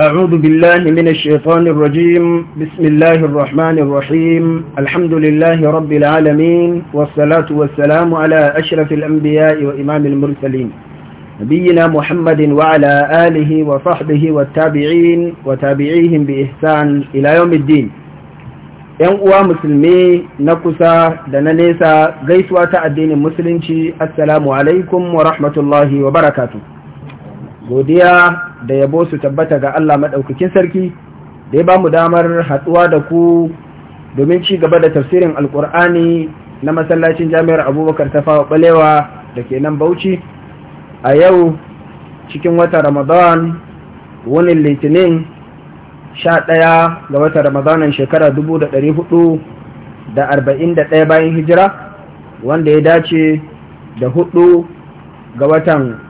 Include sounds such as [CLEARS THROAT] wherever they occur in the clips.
أعوذ بالله من الشيطان الرجيم بسم الله الرحمن الرحيم الحمد لله رب العالمين والصلاة والسلام على أشرف الأنبياء وإمام المرسلين نبينا محمد وعلى آله وصحبه والتابعين وتابعيهم بإحسان إلى يوم الدين ‘Yan uwa musulmi na kusa da na nesa gaisuwa ta addinin musulunci, Assalamu alaikum wa rahmatullahi wa barakatu. Godiya da yabo su tabbata ga Allah maɗaukakin sarki da ya ba mu damar haɗuwa da ku domin ci gaba da tafsirin alƙur'ani na masallacin jami'ar abubakar ta fawa ɓalewa da ke nan bauchi a yau cikin wata ramadan wani litinin sha ɗaya ga wata ramadanan shekara dubu da ɗari hudu da arba'in da ɗaya bayan hijira wanda ya dace da hudu ga watan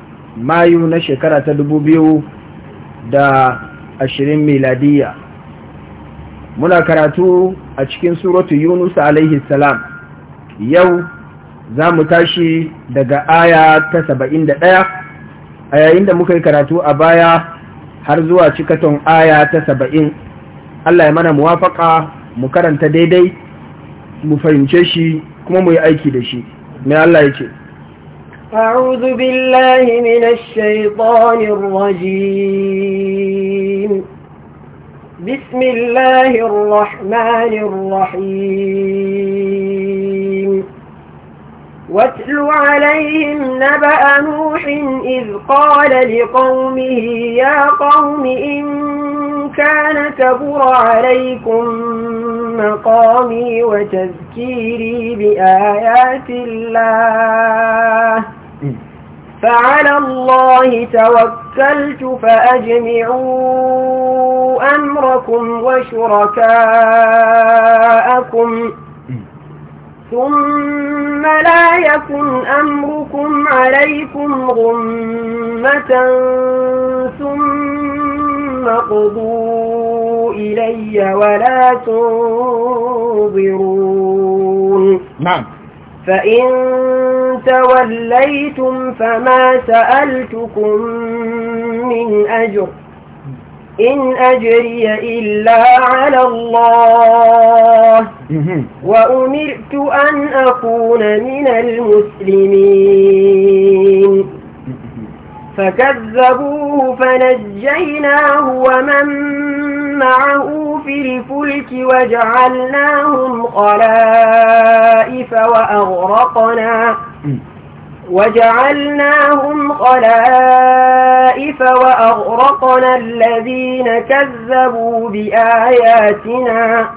mayu na shekara ta dubu biyu da ashirin miladiya muna karatu a cikin suratu yunus alaihi salam yau za mu tashi daga aya ta saba'in da ɗaya a yayin da muka yi karatu a baya har zuwa cikaton aya ta saba'in allah ya mana muwafaka mu karanta daidai mu fahimce shi kuma mu yi aiki da shi mai allah ya ce أعوذ بالله من الشيطان الرجيم بسم الله الرحمن الرحيم واتل عليهم نبأ نوح إذ قال لقومه يا قوم إن كان كبر عليكم مقامي وتذكيري بآيات الله فعلى الله توكلت فأجمعوا أمركم وشركاءكم ثم لا يكن أمركم عليكم غمة ثم قضوا إلي ولا تنظرون نعم فإن توليتم فما سألتكم من أجر إن أجري إلا على الله وأمرت أن أكون من المسلمين فكذبوه فنجيناه ومن معه في الفلك وجعلناهم خلائف وأغرقنا وجعلناهم خلائف وأغرقنا الذين كذبوا بآياتنا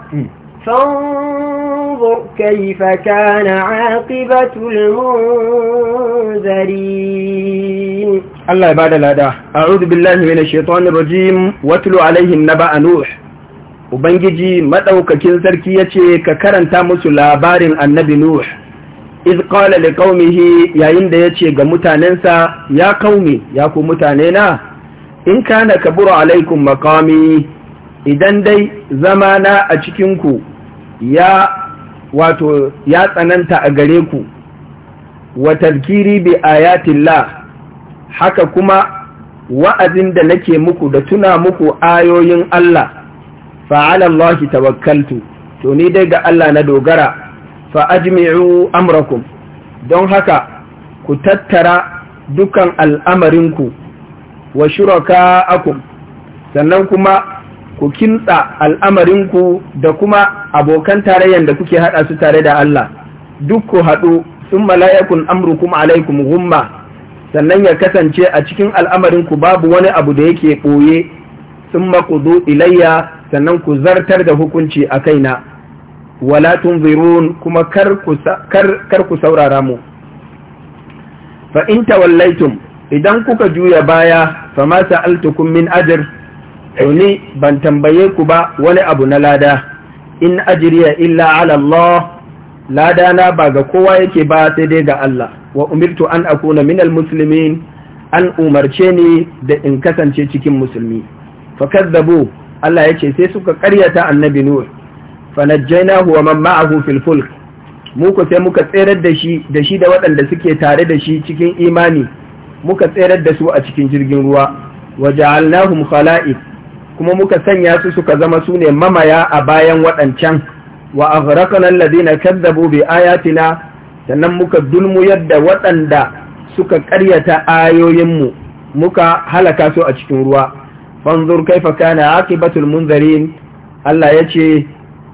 فانظر كيف كان عاقبة المنذرين الله يبعد الأداء أعوذ بالله من الشيطان الرجيم واتلو عليه النبع نوح Ubangiji maɗaukakin sarki ya ce ka karanta musu labarin annabi Nuh, iz ƙala da ƙaumihi yayin da ce ga mutanensa ya ƙaumi ya ku mutane na in kana kabura alaikum makami idan dai zama na a cikinku. ya wato ya tsananta a gare ku wa tazkiri bi ayatillah haka kuma wa'azin da nake muku da tuna muku ayoyin Allah fa'ala Allah tawakkaltu to ni dai ga Allah na dogara fa ajmi'u amrakum don haka ku tattara dukan al'amarinku wa shuraka'akum sannan kuma ku kinsa al'amarinku da kuma abokan tarayyan da kuke haɗa su tare da Allah duk ku haɗu sun mala'ikun kuma alaikum humma sannan ya kasance a cikin al'amarinku babu wani abu da yake ɓoye sun maƙudu ilayya sannan ku zartar da hukunci a kaina wala zirun kuma kar ku saurara mu Fa’inta wallaitun, idan kuka juya baya fa ma sa'altukum min ajr to ban tambaye ku ba wani abu na lada in ajiriya illa Allah lada na ba ga kowa yake ba sai dai ga Allah wa umirtu an akuna minal musulmi an umarce ni da in kasance cikin musulmi fa kadzabu Allah ce sai suka karyata annabi nuh fa najjaynahu wa man ma'ahu fil fulk sai muka tserar da shi da shi da waɗanda suke tare da shi cikin imani muka tserar da su a cikin jirgin ruwa wa ja'alnahum khala'iq kuma muka sanya su suka zama su ne mamaya a bayan waɗancan wa a na alladhina kadzabu bi ayatina sannan muka dulmu yadda waɗanda suka ƙaryata ayoyinmu muka halaka su a cikin ruwa fanzur kaifa kana batul munzarin Allah ya ce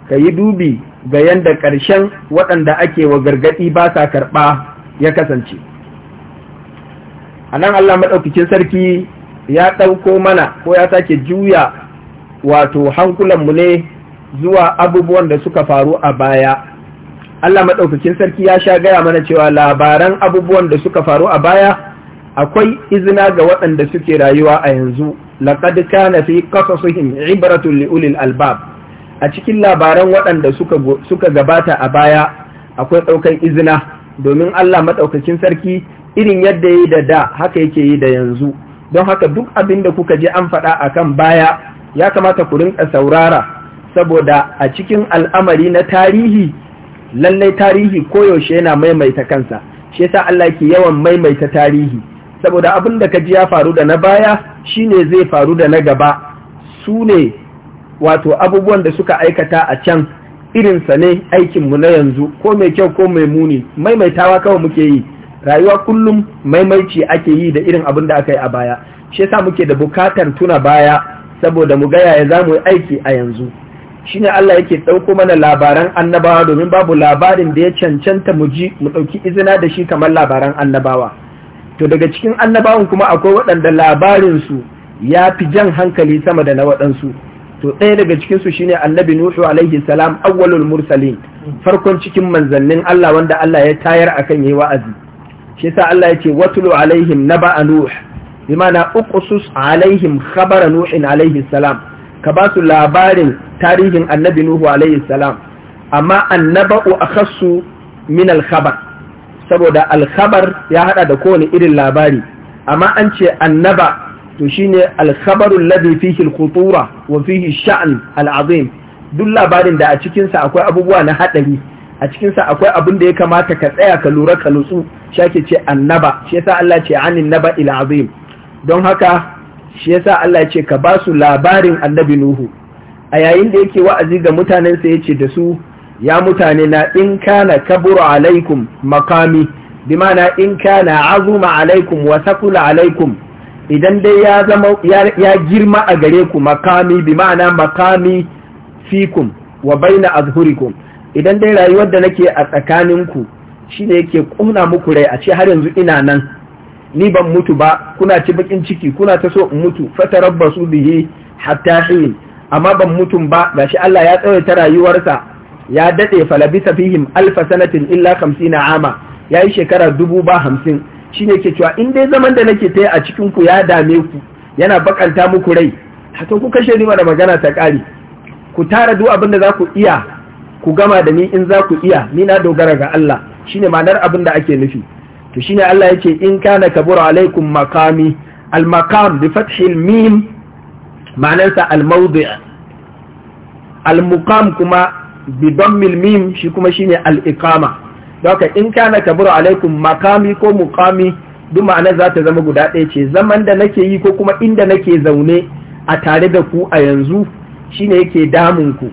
ka yi dubi ga yadda ƙarshen waɗanda ake wa gargaɗi ba sa karɓa ya kasance A nan Allah Maɗaukacin sarki ya ɗauko mana ko ya sake juya wato hankulanmu ne zuwa abubuwan da suka faru a baya Allah maɗaukakin sarki ya sha gaya mana cewa labaran abubuwan da suka faru a baya akwai izina ga waɗanda suke rayuwa a yanzu laqad kana fi qasasihim ibratun li ulil albab a cikin labaran waɗanda suka suka gabata a baya akwai ɗaukan izina domin Allah maɗaukakin sarki irin yadda yi da da haka yake yi da yanzu don haka duk abin da kuka je an faɗa a kan baya ya kamata ku rinka saurara saboda a cikin al'amari na tarihi lallai tarihi koyaushe yana maimaita kansa shi yasa Allah ke yawan maimaita tarihi saboda abin da ka ji ya faru da na baya shine zai faru da na gaba su ne wato abubuwan da suka aikata a can irinsa ne aikinmu na yanzu ko mai kyau ko mai muni maimaitawa kawai muke yi rayuwa kullum maimaici ake yi da irin abin da aka yi a baya shi yasa muke da bukatar tuna baya saboda mu ga yaya za mu yi aiki a yanzu shine Allah yake ɗauko mana labaran annabawa domin babu labarin da ya cancanta mu ji mu ɗauki izina da shi kamar labaran annabawa to daga cikin annabawan kuma akwai waɗanda labarinsu ya fi jan hankali sama da na waɗansu to ɗaya daga cikinsu shine annabi nuhu alaihi salam awwalul mursalin farkon cikin manzannin Allah wanda Allah ya tayar akan yayi wa'azi shi yasa Allah ya ce watlu alaihim naba nuh bimana uqsus alaihim khabara nuhin alaihi salam ka ba su labarin tarihin annabi nuhu alaihi salam amma annaba'u akhassu min al saboda alkhabar ya hada da kowane irin labari amma an ce annaba to shine al-khabaru alladhi fihi wa fihi shan al duk labarin da a cikin sa akwai abubuwa na hadari a cikinsa akwai abin da ya kamata ka tsaya ka lura ka nutsu shake ce annaba shi yasa Allah ce anin naba ila azim don haka shi yasa Allah ya ce ka ba su labarin annabi nuhu a yayin da yake wa'azi ga mutanen sa yace da su ya mutane na in kana kabura alaikum makami ma'ana in kana azuma alaikum wa sakula alaikum idan dai ya zama ya girma a gare ku makami ma'ana makami fikum wa baina azhurikum idan dai rayuwar da nake a tsakaninku shine yake kuna muku rai a ce har yanzu ina nan ni ban mutu ba kuna ci bakin ciki kuna ta so in mutu su bihi hatta hin amma ban mutum ba shi Allah ya tsawaita rayuwarsa ya dade falabisa fihim alfa sanatin illa 50 ama yayi shekara dubu ba hamsin shine ke cewa in dai zaman da nake ta a cikin ku ya dame ku yana bakanta muku rai hato ku kashe ni da magana ta kare ku tara duk abin da za ku iya ku gama da ni in za ku iya ni na dogara ga Allah shine ma'anar abin da ake nufi to shine Allah yake in kana kabura alaikum maqami al maqam bi fathil mim ma'anarsa al mawdi' al muqam kuma bi dammil mim shi kuma shine al iqama haka in kana kabura alaikum maqami ko mukami, duk ma'anar za ta zama guda ɗaya ce zaman da nake yi ko kuma inda nake zaune a tare da ku a yanzu shine yake damun ku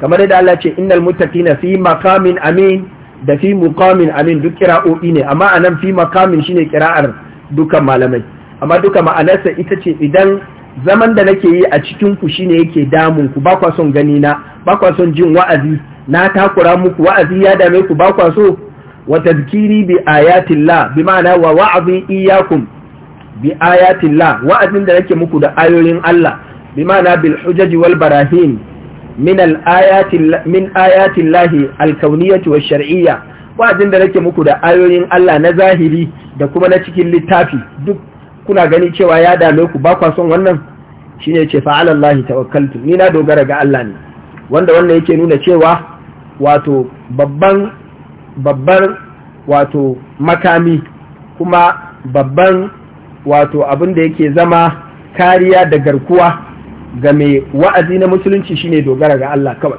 kamar yadda Allah ce innal muttaqina fi maqamin amin da fi muqamin amin duk kira'o'i ne amma anan fi maqamin shine kira'ar dukan malamai amma duka ma'anarsa ita ce idan zaman da nake yi a cikin ku shine yake damun ku ba kwa son gani na ba kwa son jin wa'azi na takura muku wa'azi ya dame ku ba kwa so wa tadhkiri bi ayatillah bi ma'ana wa wa'azi iyyakum bi ayatillah wa'azin da nake muku da ayoyin Allah bi ma'ana bil hujaji wal barahin min ayatin lahi alkauniyatu wa shar'iyya wa'azin da nake muku da ayoyin Allah na zahiri da kuma na cikin littafi duk kuna gani cewa ya dame ku ba kwa son wannan ne ce fa'ala Allah tawakkaltu ni na dogara ga Allah ne wanda wannan yake nuna cewa wato babban wato makami kuma babban wato abin da yake zama kariya da garkuwa ga mai wa'azi na musulunci shine dogara ga Allah kawai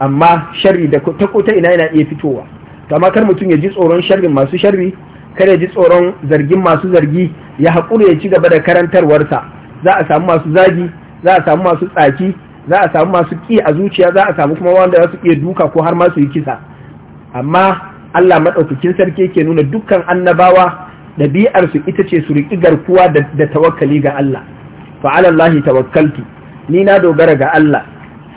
amma sharri da ta ko ina yana iya fitowa Kama kar mutum ya ji tsoron sharrin masu sharri kar ya ji tsoron zargin masu zargi ya haƙura ya ci gaba da karantarwarsa za a samu masu zagi za a samu masu tsaki za a samu masu ƙi a zuciya za a samu kuma wanda za su iya duka ko har ma su yi kisa amma Allah maɗaukakin sarki yake nuna dukkan annabawa ɗabi'arsu ita ce su riƙi garkuwa da tawakkali ga Allah fa ala tawakkaltu ni na dogara ga Allah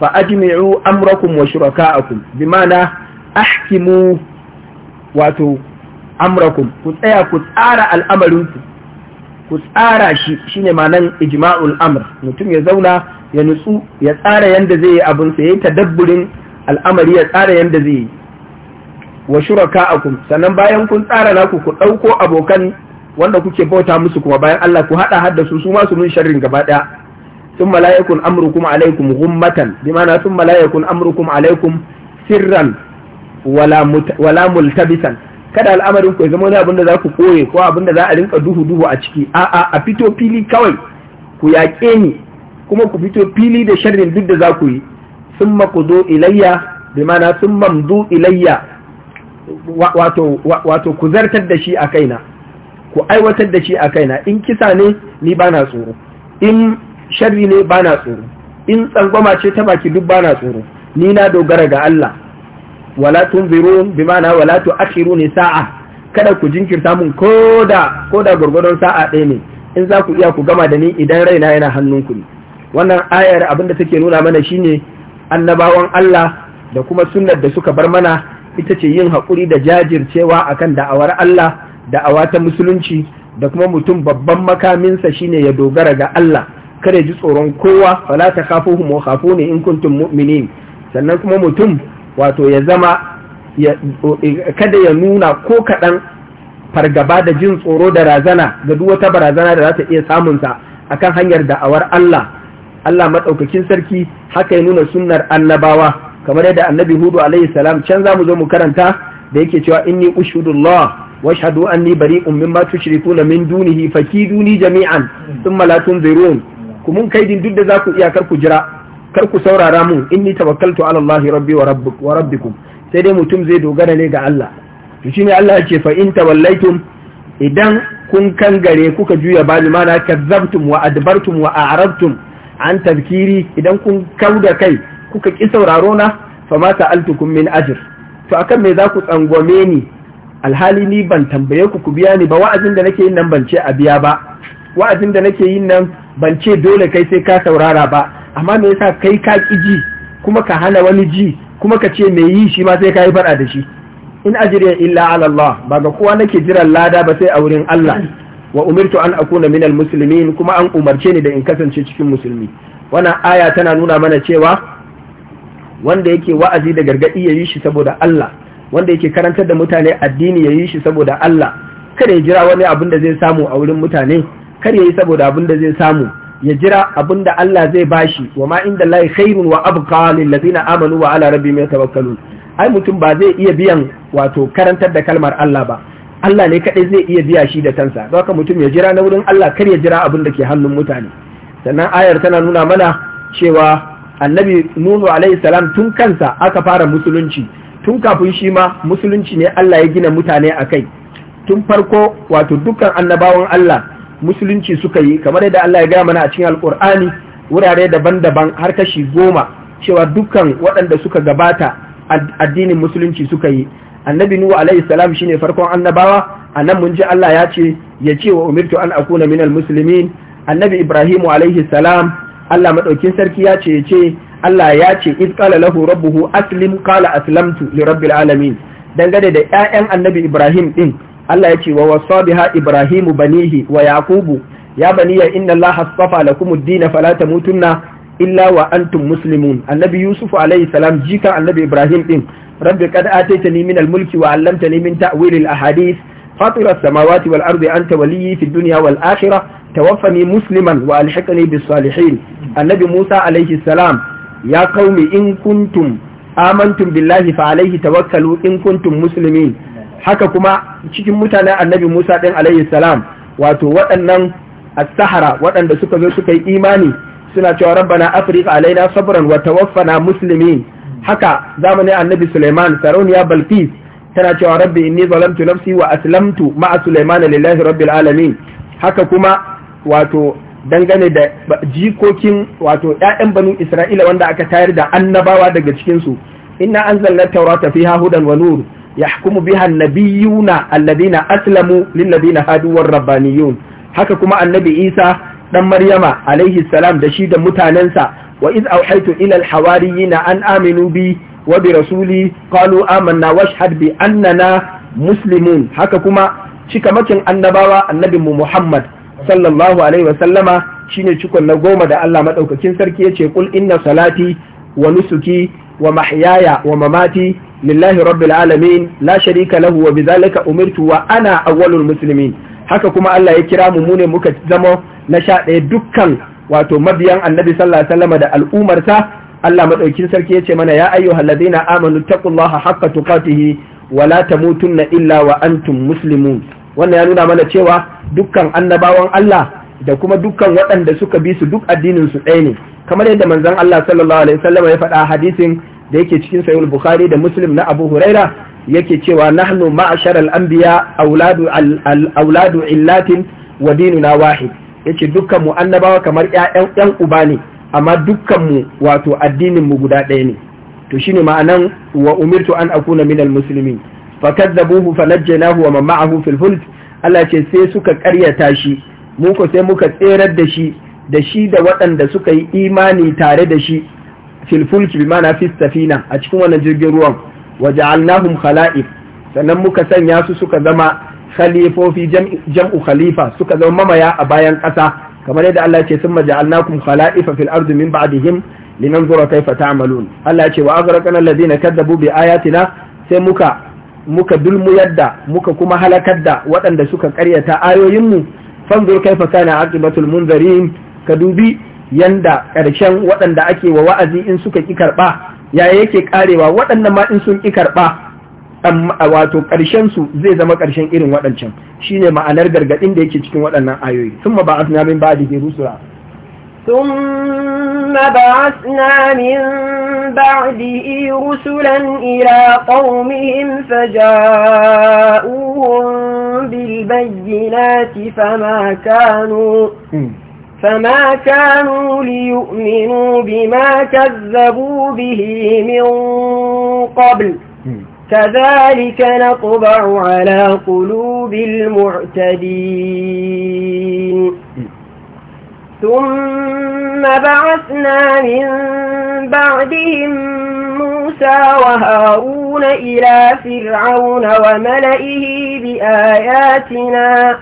fa ajmi'u amrakum wa shuraka'akum bimana ahkimu wato amrakum ku tsaya ku tsara al'amarin ku tsara shi shine manan ijma'ul amr mutum ya zauna ya nutsu ya tsara yanda zai yi abin sa yayi tadabburin al'amari ya tsara yanda zai yi wa shuraka'akum sannan bayan kun tsara naku ku dauko abokan wanda kuke bauta musu kuma bayan Allah ku hada hadda su su ma su mun sharrin gaba daya sun malaikun amrukum alaikum ghummatan bi ma'ana sun malaikun amrukum alaikum sirran wala wala multabisan kada al'amarin ku zama wani abin da za ku koye ko abin da za a rinka duhu duhu a ciki a a a fito fili kawai ku yaƙe ni kuma ku fito fili da sharrin duk da za ku yi sun makudu ilayya bi ma'ana sun mamdu ilayya wato ku zartar da shi a kaina ku aiwatar da shi a kaina in kisa ne ni bana tsoro in sharri ne bana tsoro in tsangwama ce ta baki duk bana tsoro ni na dogara ga Allah wala tunzirun bimana wala ni sa'a kada ku jinkirta mun koda koda gurgurdon sa'a ɗaya ne in za ku iya ku gama da ni idan raina yana hannunku ne wannan ayar abinda take nuna mana shine annabawan Allah da kuma sunnar da suka bar mana ita ce yin haƙuri da jajircewa akan da'awar Allah da'awa ta musulunci da kuma mutum babban makaminsa shine ya dogara ga Allah kada ji tsoron kowa fala ta khafuhum kafo ne in kuntum mu'minin sannan kuma mutum wato ya zama kada ya nuna ko kaɗan fargaba da jin tsoro da razana ga duk wata barazana da za ta iya samunsa akan hanyar da'awar Allah Allah maɗaukakin sarki haka ya nuna sunnar annabawa kamar yadda annabi hudu alaihi salam can za mu zo mu karanta da yake cewa inni ushudullah واشهدوا اني بريء مما تشركون من دونه فكيدوني جميعا ثم لا تنذرون كمن كيدن دد ذاكو iyakar ku jira kar ku saurara mun inni tawakkaltu ala allah rabbi wa rabbuk wa rabbikum sai dai mutum zai dogara ne ga allah to shine allah ce fa in ta tawallaitum idan kun kan gare kuka juya ba ni mana kazzabtum wa adbartum wa an tafkiri, idan kun kauda kai kuka ki saurarona fa mata altukum min ajr to akan me za ku tsangwame ni alhali ni ban tambaye ku ku biya ni ba wa'azin da nake yin nan ban ce a biya ba wa'azin da nake yin nan ban ce dole kai sai ka saurara ba amma me yasa kai ka kiji kuma ka hana wani ji kuma ka ce me yi shi ma sai ka yi fada da shi in ajriya illa ala Allah ba ga kowa nake jiran lada ba sai a wurin Allah wa umirtu an akuna minal muslimin kuma an umarce ni da in kasance cikin musulmi wannan aya tana nuna mana cewa wanda yake wa'azi da gargadi ya yi shi saboda Allah wanda yake karantar da mutane addini ya yi shi saboda Allah kare ya jira wani abin da zai samu a wurin mutane kar ya yi saboda abin da zai samu ya jira abin da Allah zai bashi wa ma inda Allah khairun wa abqa lil ladina amanu wa ala rabbihim yatawakkalun ai mutum ba zai iya biyan wato karantar da kalmar Allah ba Allah ne kadai zai iya biya shi da kansa don haka mutum ya jira na wurin Allah kar ya jira abin da ke hannun mutane sannan ayar tana nuna mana cewa annabi Nuhu alaihi salam tun kansa aka fara musulunci tun kafin shi ma musulunci ne Allah ya gina mutane a kai tun farko wato dukkan annabawan Allah musulunci suka yi kamar yadda Allah ya gaya mana a cikin alkur'ani wurare daban-daban har kashi goma cewa dukkan waɗanda suka gabata addinin musulunci suka yi annabi nuhu alaihi salam shine farkon annabawa anan mun ji Allah ya ce ya ce wa umirtu an akuna minal muslimin annabi ibrahimu alaihi salam Allah madaukin sarki ya ce ya ce Allah ya ce iz qala lahu rabbuhu aslim qala aslamtu li rabbil alamin dangane da ƴaƴan annabi Ibrahim din Allah ya ce wa wasa biha Ibrahimu banihi wa Yaqubu ya baniya inna Allah astafa lakum ad-din fala tamutunna illa wa antum muslimun annabi Yusuf alayhi salam jikan annabi Ibrahim din rabbi qad ataytani min al-mulki wa 'allamtani min ta'wil al-ahadith فاطر السماوات والأرض أنت ولي في الدنيا والآخرة توفني مسلما وألحقني بالصالحين النبي موسى عليه السلام ya kaumi in kuntum amantum billahi fa alaihi tawakkalu in kuntum muslimin haka kuma cikin mutanen annabi Musa din alaihi salam wato waɗannan as-sahara waɗanda suka zo suka yi imani suna cewa rabbana afrika alaina sabran wa tawaffana muslimin haka zamanin annabi Suleiman sarauniya balqis tana cewa rabbi inni zalamtu nafsi wa aslamtu ma'a Suleiman lillahi rabbil alamin haka kuma wato dangane da jikokin wato ya'yan banu Isra'ila wanda aka tayar da annabawa daga cikin su inna anzalna tawrata fiha hudan wa nur yahkumu biha an-nabiyuna alladhina aslamu lil haduwar hadu rabbaniyun haka kuma annabi Isa dan Maryama alaihi salam da shi da mutanensa wa iz auhaitu ila al-hawariyina an aminu bi wa bi rasuli qalu amanna washhad bi annana muslimun haka kuma cikamakin annabawa mu Muhammad sallallahu alaihi wa sallama shine cikon na goma da Allah madaukakin sarki yace kul inna salati wa nusuki wa mahyaya wa mamati lillahi rabbil alamin la sharika lahu wa bidhalika umirtu wa ana awwalul muslimin haka kuma Allah ya kira mu ne muka zama na sha ɗaya dukkan wato mabiyan annabi sallallahu alaihi wasallam da al'umarsa Allah maɗaukin sarki yace mana ya ayyuhal ladina amanu taqullaha haqqa tuqatihi wa la tamutunna illa wa antum muslimun wannan ya nuna mana cewa dukkan annabawan Allah da kuma dukkan waɗanda suka bi su duk addinin su ɗaya ne kamar yadda manzon Allah sallallahu alaihi wasallam ya faɗa hadisin da yake cikin sahih bukhari da muslim na abu huraira yake cewa nahnu ma'ashar al-anbiya auladu auladu illatin wa dinuna wahid yace dukkan mu annabawa kamar ƴaƴan ƴan uba ne amma dukkan mu wato addinin mu guda ɗaya ne to shine ma'anan wa umirtu an akuna minal muslimin fakadzabuhu fanajjaynahu wa man ma'ahu fil fulk Allah ce sai suka karyata shi mu ko sai muka tserar da shi da shi da waɗanda suka yi imani tare da shi fil fulk bi ma'ana fi safina a cikin wannan jirgin ruwan wa ja'alnahum khala'if sannan muka sanya su suka zama khalifofi jam'u khalifa suka zama mamaya a bayan ƙasa kamar yadda Allah ce sun maja'alnakum khala'ifa fil ardi min ba'dihim linanzura kaifa ta'malun Allah ce wa aghraqna alladhina kadzabu bi ayatina sai muka muka dulmu yadda muka kuma halakar da waɗanda suka ƙaryata ayoyinmu fanzur kaifa kana aqibatul munzarin ka dubi yanda ƙarshen waɗanda ake wa wa'azi in suka ki karɓa ya yake karewa waɗannan ma in sun ki karɓa wato ƙarshen su zai zama ƙarshen irin waɗancan Shi ne ma'anar gargaɗin da yake cikin waɗannan ayoyi thumma ba'athna min ba'dihi rusula ثم بعثنا من بعده رسلا إلى قومهم فجاءوهم بالبينات فما كانوا فما كانوا ليؤمنوا بما كذبوا به من قبل كذلك نطبع على قلوب المعتدين ثم بعثنا من بعدهم موسى وهارون إلى فرعون وملئه بآياتنا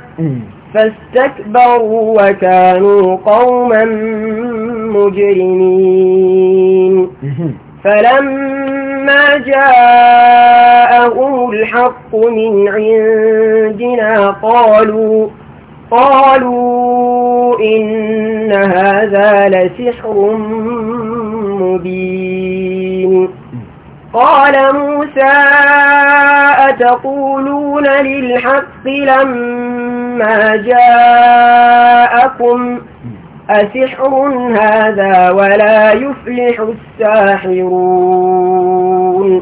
فاستكبروا وكانوا قوما مجرمين فلما جاءهم الحق من عندنا قالوا قالوا إن هذا لسحر مبين قال موسى أتقولون للحق لما جاءكم أسحر هذا ولا يفلح الساحرون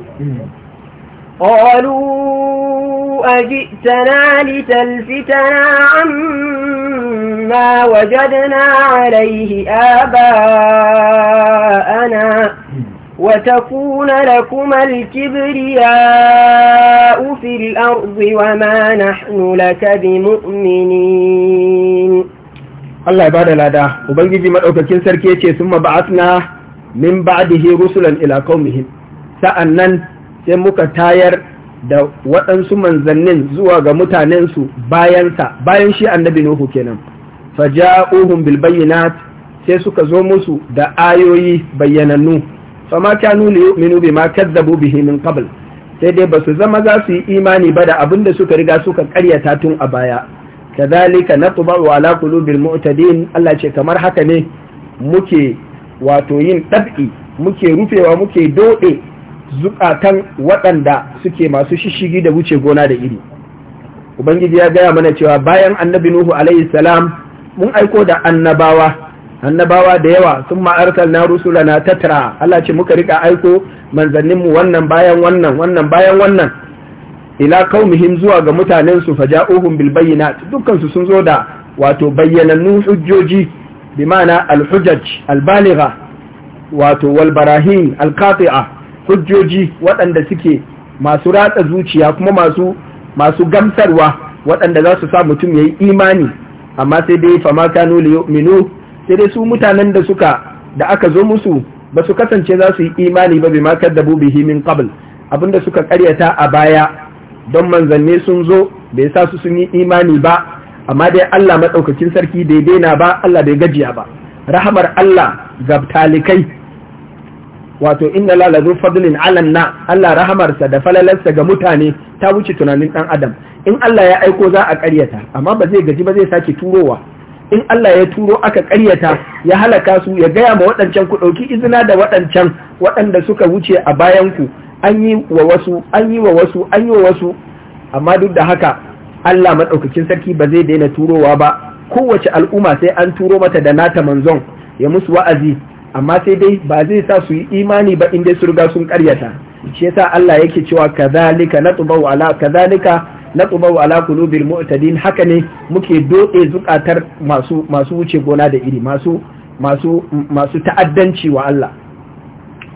قالوا أجئتنا لتلفتنا عما وجدنا عليه آباءنا وتكون لكما الكبرياء في الأرض وما نحن لك بمؤمنين Allah ya ba da lada, Ubangiji maɗaukakin sarki ce sun maba'atna min ba'dihi rusulan ila qaumihim sa'annan sai muka tayar da waɗansu manzannin zuwa ga mutanensu bayansa bayan shi annabi nuhu kenan faja'uhum bil bayyinat sai suka zo musu da ayoyi bayyanannu fama kanu yu'minu bima kadzabu bihi min qabl sai dai basu zama za su yi imani ba da abin da suka riga suka karyata tun a baya kadhalika natba'u ala qulubil mu'tadin Allah ce kamar haka ne muke wato yin dab'i muke rufewa muke dode zukatan waɗanda suke masu shishigi da wuce gona da iri ubangiji ya gaya mana cewa bayan annabi nuhu alaihi salam mun aiko da annabawa annabawa da yawa sun ma'arkal na na tattara Allah ce muka rika aiko manzanninmu wannan bayan wannan wannan bayan wannan ila kaumihim zuwa ga mutanensu faja bil bilbayina dukkan sun zo da wato bayyanannu hujjoji bi ma'ana al albaliga wato Walbarahim alkafi'a hujjoji waɗanda suke masu ratsa zuciya kuma masu masu gamsarwa waɗanda za su sa mutum ya yi imani amma sai dai fama kanu minu sai dai su mutanen da suka da aka zo musu ba su kasance za su yi imani ba makar da bubi himin qabl abinda suka karyata a baya don manzanne sun zo bai sa su sun yi imani ba amma dai Allah madaukakin sarki daidai na ba Allah bai gajiya ba rahamar Allah ga talikai wato inna la lazu fadlin alan na Allah rahamarsa da falalarsa ga mutane ta wuce tunanin dan adam in Allah ya aiko za a ƙaryata amma ba zai gaji ba zai sake turowa in Allah ya turo aka ƙaryata ya halaka su ya gaya ma waɗancan ku ɗauki izina da waɗancan waɗanda suka wuce a bayan ku an yi wa wasu an yi wa wasu an yi wa wasu amma duk da haka Allah madaukakin sarki ba zai daina turowa ba kowace al'umma sai an turo mata da nata manzon ya musu wa'azi amma sai dai ba zai sa su yi imani ba inda su riga sun karyata shi yasa Allah yake cewa kazalika natubu ala kazalika natubu ala qulubil mu'tadin haka ne muke dode zukatar masu masu wuce gona da iri masu masu masu ta'addanci wa Allah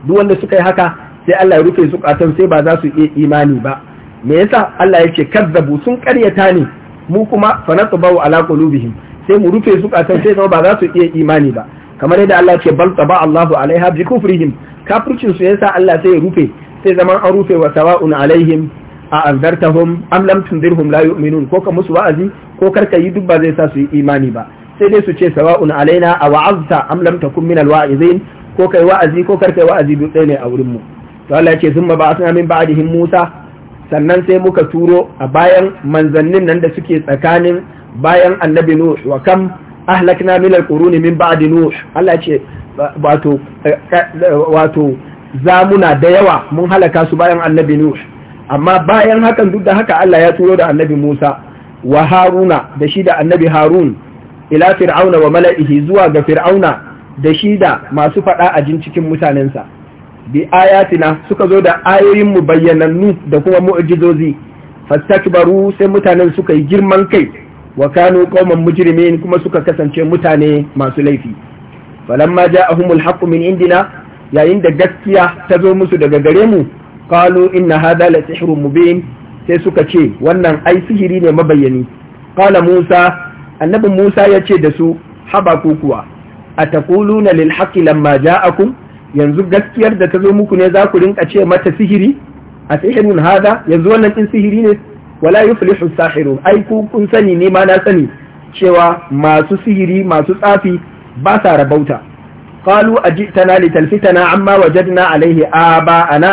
duk wanda suka yi haka sai Allah ya rufe zukatan sai ba za su iya imani ba me yasa Allah yake kazzabu sun karyata ne mu kuma fa natubu ala qulubihim sai mu rufe zukatan sai ba za su iya imani ba kamar yadda Allah ce bal ba Allahu alaiha bi kufrihim kafircin su yasa Allah sai ya rufe sai zaman an rufe wa sawa'un alaihim a anzartahum am lam tundirhum la yu'minun ko ka musu wa'azi ko karka yi duk ba zai sa su yi imani ba sai dai su ce sawa'un alaina a wa'azta am lam takun min alwa'izin ko kai wa'azi ko karka wa'azi duk ɗaya ne a wurin mu to Allah ya ce summa ba'athna min ba'dihim Musa sannan sai muka turo a bayan manzannin nan da suke tsakanin bayan annabi Nuh wa kam ahlakna min alquruni min ba'di nuh Allah ce wato wato zamuna da yawa mun halaka su bayan annabi nuh amma bayan hakan duk da haka Allah ya turo da annabi Musa wa Haruna da shi da annabi Harun ila fir'auna wa mala'ihi zuwa ga fir'auna da shi da masu fada a jin cikin mutanensa bi ayatina suka zo da ayoyin mu bayyanannu da kuma mu'jizozi fastakbaru sai mutanen suka yi girman kai wa kanu qauman mujrimin kuma suka kasance mutane masu laifi falamma ja'ahumul haqqu min indina yayin da gaskiya ta zo musu daga gare mu qalu inna hadha la sihrun mubin sai suka ce wannan ai sihiri ne mabayyani qala musa annabi musa ya ce da su haba ku kuwa ataquluna lil haqqi lamma ja'akum yanzu gaskiyar da ta zo muku ne za ku rinka ce mata sihiri a sihirin hada yanzu wannan din sihiri ne wala yuflihu sahiru ai ku kun sani ne ma na sani cewa masu sihiri masu tsafi ba sa rabauta qalu ajitana litalfitana amma wajadna alaihi aba'ana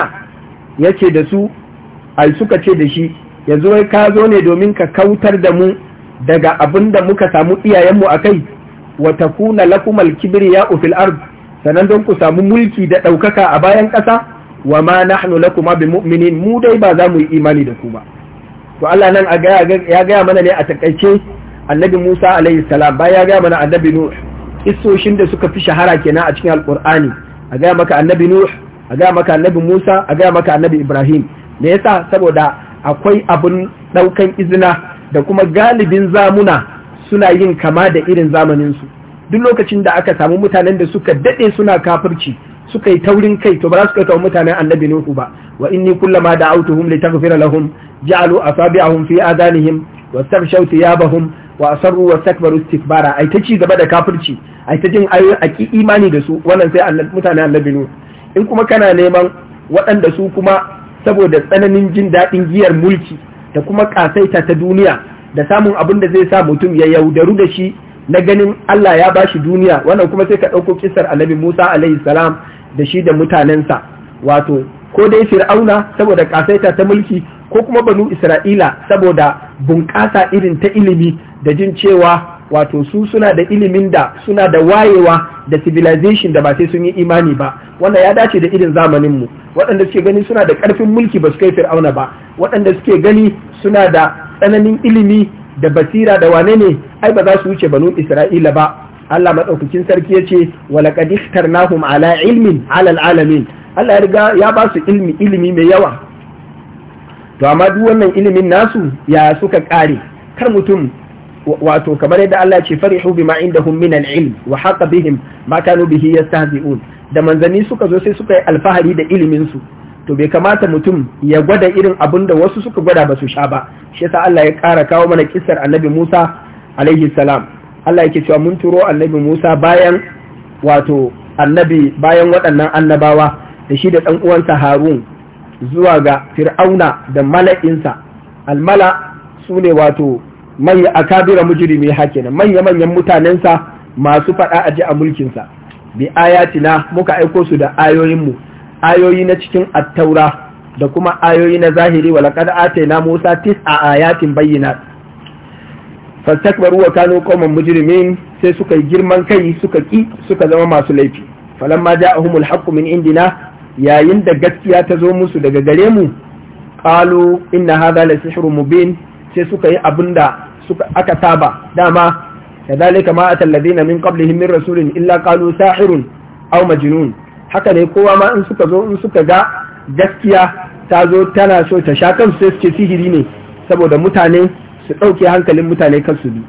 yace da su ai suka ce da shi yanzu wai ka zo ne domin ka kautar da mu daga abin da muka samu iyayenmu a kai wa takuna lakum alkibriya fil ard sanan don ku samu mulki da ɗaukaka a bayan ƙasa wa ma nahnu lakuma bimu'minin mu dai ba za mu yi imani da ku ba to Allah nan ya gaya mana ne a takaice annabi Musa alaihi salam bayan ya gaya mana annabi Nuh isoshin da suka fi shahara kenan a cikin alkur'ani a gaya maka annabi Nuh a gaya maka annabi Musa a gaya maka annabi Ibrahim me yasa saboda akwai abun daukan izina da kuma galibin zamuna suna yin kama da irin zamanin su duk lokacin da aka samu mutanen da suka dade suna kafirci suka yi taurin kai to ba za su kai kawo mutanen annabi nuhu ba wa inni kullama da'awtuhum taghfira lahum ja'alu asabi'ahum fi adanihim tabshaw thiyabahum wa asarru wastakbaru istikbara ai ta ci gaba da kafirci ai ta jin ayoyin aki imani da su wannan sai mutanen annabi nuhu in kuma kana neman waɗanda su kuma saboda tsananin jin daɗin giyar mulki da kuma kasaita ta duniya da samun abin da zai sa mutum ya yaudaru da shi na ganin Allah ya bashi duniya wannan kuma sai ka ɗauko kisar annabi Musa alaihi salam da shi da mutanensa wato ko dai fir'auna saboda kasaita ta mulki ko kuma banu isra'ila saboda bunƙasa irin ta ilimi da jin cewa wato su suna da ilimin da suna da wayewa da civilization da ba sai sun yi imani ba wannan ya dace da irin zamaninmu waɗanda suke gani suna da ƙarfin mulki ba su kai fir'auna ba waɗanda suke gani suna da tsananin ilimi da basira da wane ne ai ba za su wuce banu isra'ila ba Allah maɗaukakin sarki yace walaqad ikhtarnahum ala ilmin alal alamin Allah ya riga ya ba su ilmi ilimi mai yawa to amma duk wannan ilimin nasu ya suka kare kar mutum wato kamar yadda Allah ce farihu bima indahum min al-ilm wa haqa bihim ma kanu bihi yastahzi'un da manzanni suka zo sai suka yi alfahari da iliminsu to bai kamata mutum ya gwada irin abin da wasu suka gwada ba su sha ba shi yasa Allah ya kara kawo mana kissar Annabi Musa alaihi salam Allah yake cewa mun turo annabi Musa bayan wato annabi bayan waɗannan annabawa da shi da ɗan uwansa Harun zuwa ga Fir'auna da mala'insa almala su ne wato manya akabira mujrimi na, manya manyan mutanensa masu faɗa a ji a mulkinsa bi ayatina muka aiko su da ayoyinmu ayoyi na cikin attaura da kuma ayoyi na zahiri wa laqad atayna Musa a ayatin bayyana. fastakbaru wa kanu qauman mujrimin sai suka yi girman kai suka ki suka zama masu laifi falamma ja'ahumul haqqu min indina yayin da gaskiya ta zo musu daga gare mu qalu inna hadha la sihrun mubin sai suka yi abinda suka aka saba dama kadhalika ma atal ladina min qablihim min rasulin illa qalu sahirun aw majnun haka ne kowa ma in suka zo in suka ga gaskiya ta zo tana so ta sha kansu sai suke sihiri ne saboda mutane su ɗauke hankalin mutane kan su bi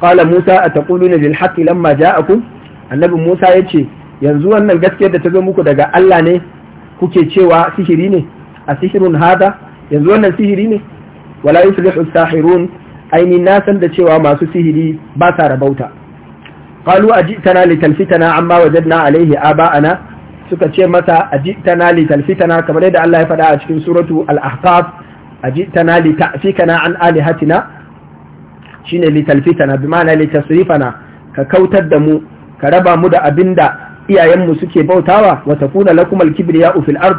qala musa ataquluna lil haqqi lamma aku annabi musa yace yanzu wannan gaskiyar da ta zo muku daga Allah ne kuke cewa sihiri ne a sihirun hada yanzu wannan sihiri ne wala yuflihu sahirun aini na san da cewa masu sihiri ba sa rabauta qalu ajitana litalfitana amma wajadna alaihi aba'ana suka ce mata ajitana litalfitana kamar yadda Allah ya faɗa a cikin suratu al-ahqaf ajitana lita'fikana an alihatina Shi ne litalfitana bi ma'ana litasrifana ka kautar da mu ka raba mu da abin da iyayenmu suke bautawa wa kuna lakum alkibriya fil ard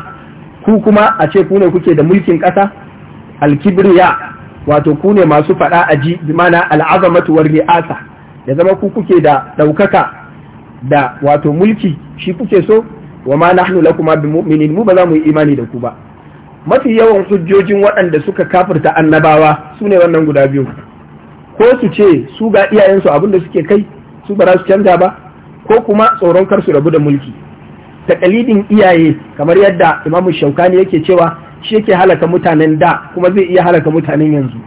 ku kuma a ce ku ne kuke da mulkin kasa alkibriya wato ku ne masu fada aji bi ma'ana al'azamatu war ri'asa ya zama ku kuke da ɗaukaka da wato mulki shi kuke so wa ma nahnu lakuma mu'minin mu ba za mu yi imani da ku ba mafi yawan hujjojin waɗanda suka kafirta annabawa su ne wannan guda biyu ko su ce su ga iyayensu abin da suke kai su ba za su canza ba ko kuma tsoron kar su rabu da mulki takalidin iyaye kamar yadda imamu shaukani yake cewa shi yake halaka mutanen da kuma zai iya halaka mutanen yanzu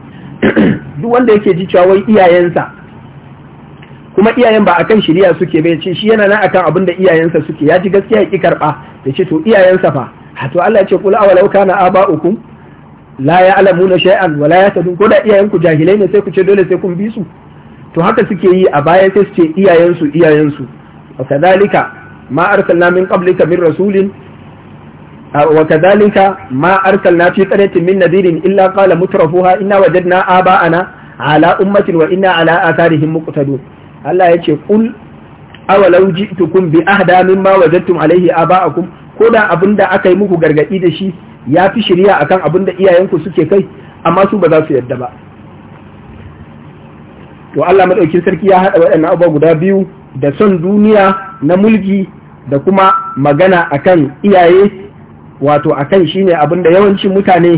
[CLEARS THROAT] duk wanda yake ji cewa wai iyayensa kuma iyayen ba akan shari'a suke bai ce shi yana nan akan abin da iyayensa suke ya ji gaskiya ya ki karba ya ce to iyayensa fa to Allah ya ce kula awalau kana aba'ukum la na shay'an wala ya yahtadun ko da iyayenku jahilai ne sai ku ce dole sai kun bi su to haka suke yi a baya sai su ce iyayensu iyayensu wa kadhalika ma arsalna min qablika min rasulin wa kadhalika ma arsalna fi qaryatin min nadirin illa qala mutrafuha inna wajadna aba'ana ala ummatin wa inna ala atharihim muqtadun Allah yace qul awalau ji'tukum bi ahda mimma wajadtum alayhi aba'akum ko da abinda aka yi muku gargadi da shi ya fi shirya akan abin da iyayenku suke kai amma su ba za su yadda ba to Allah madaukin sarki ya haɗa waɗannan abubuwa guda biyu da son duniya na mulki da kuma magana akan iyaye wato akan shine abin da yawancin mutane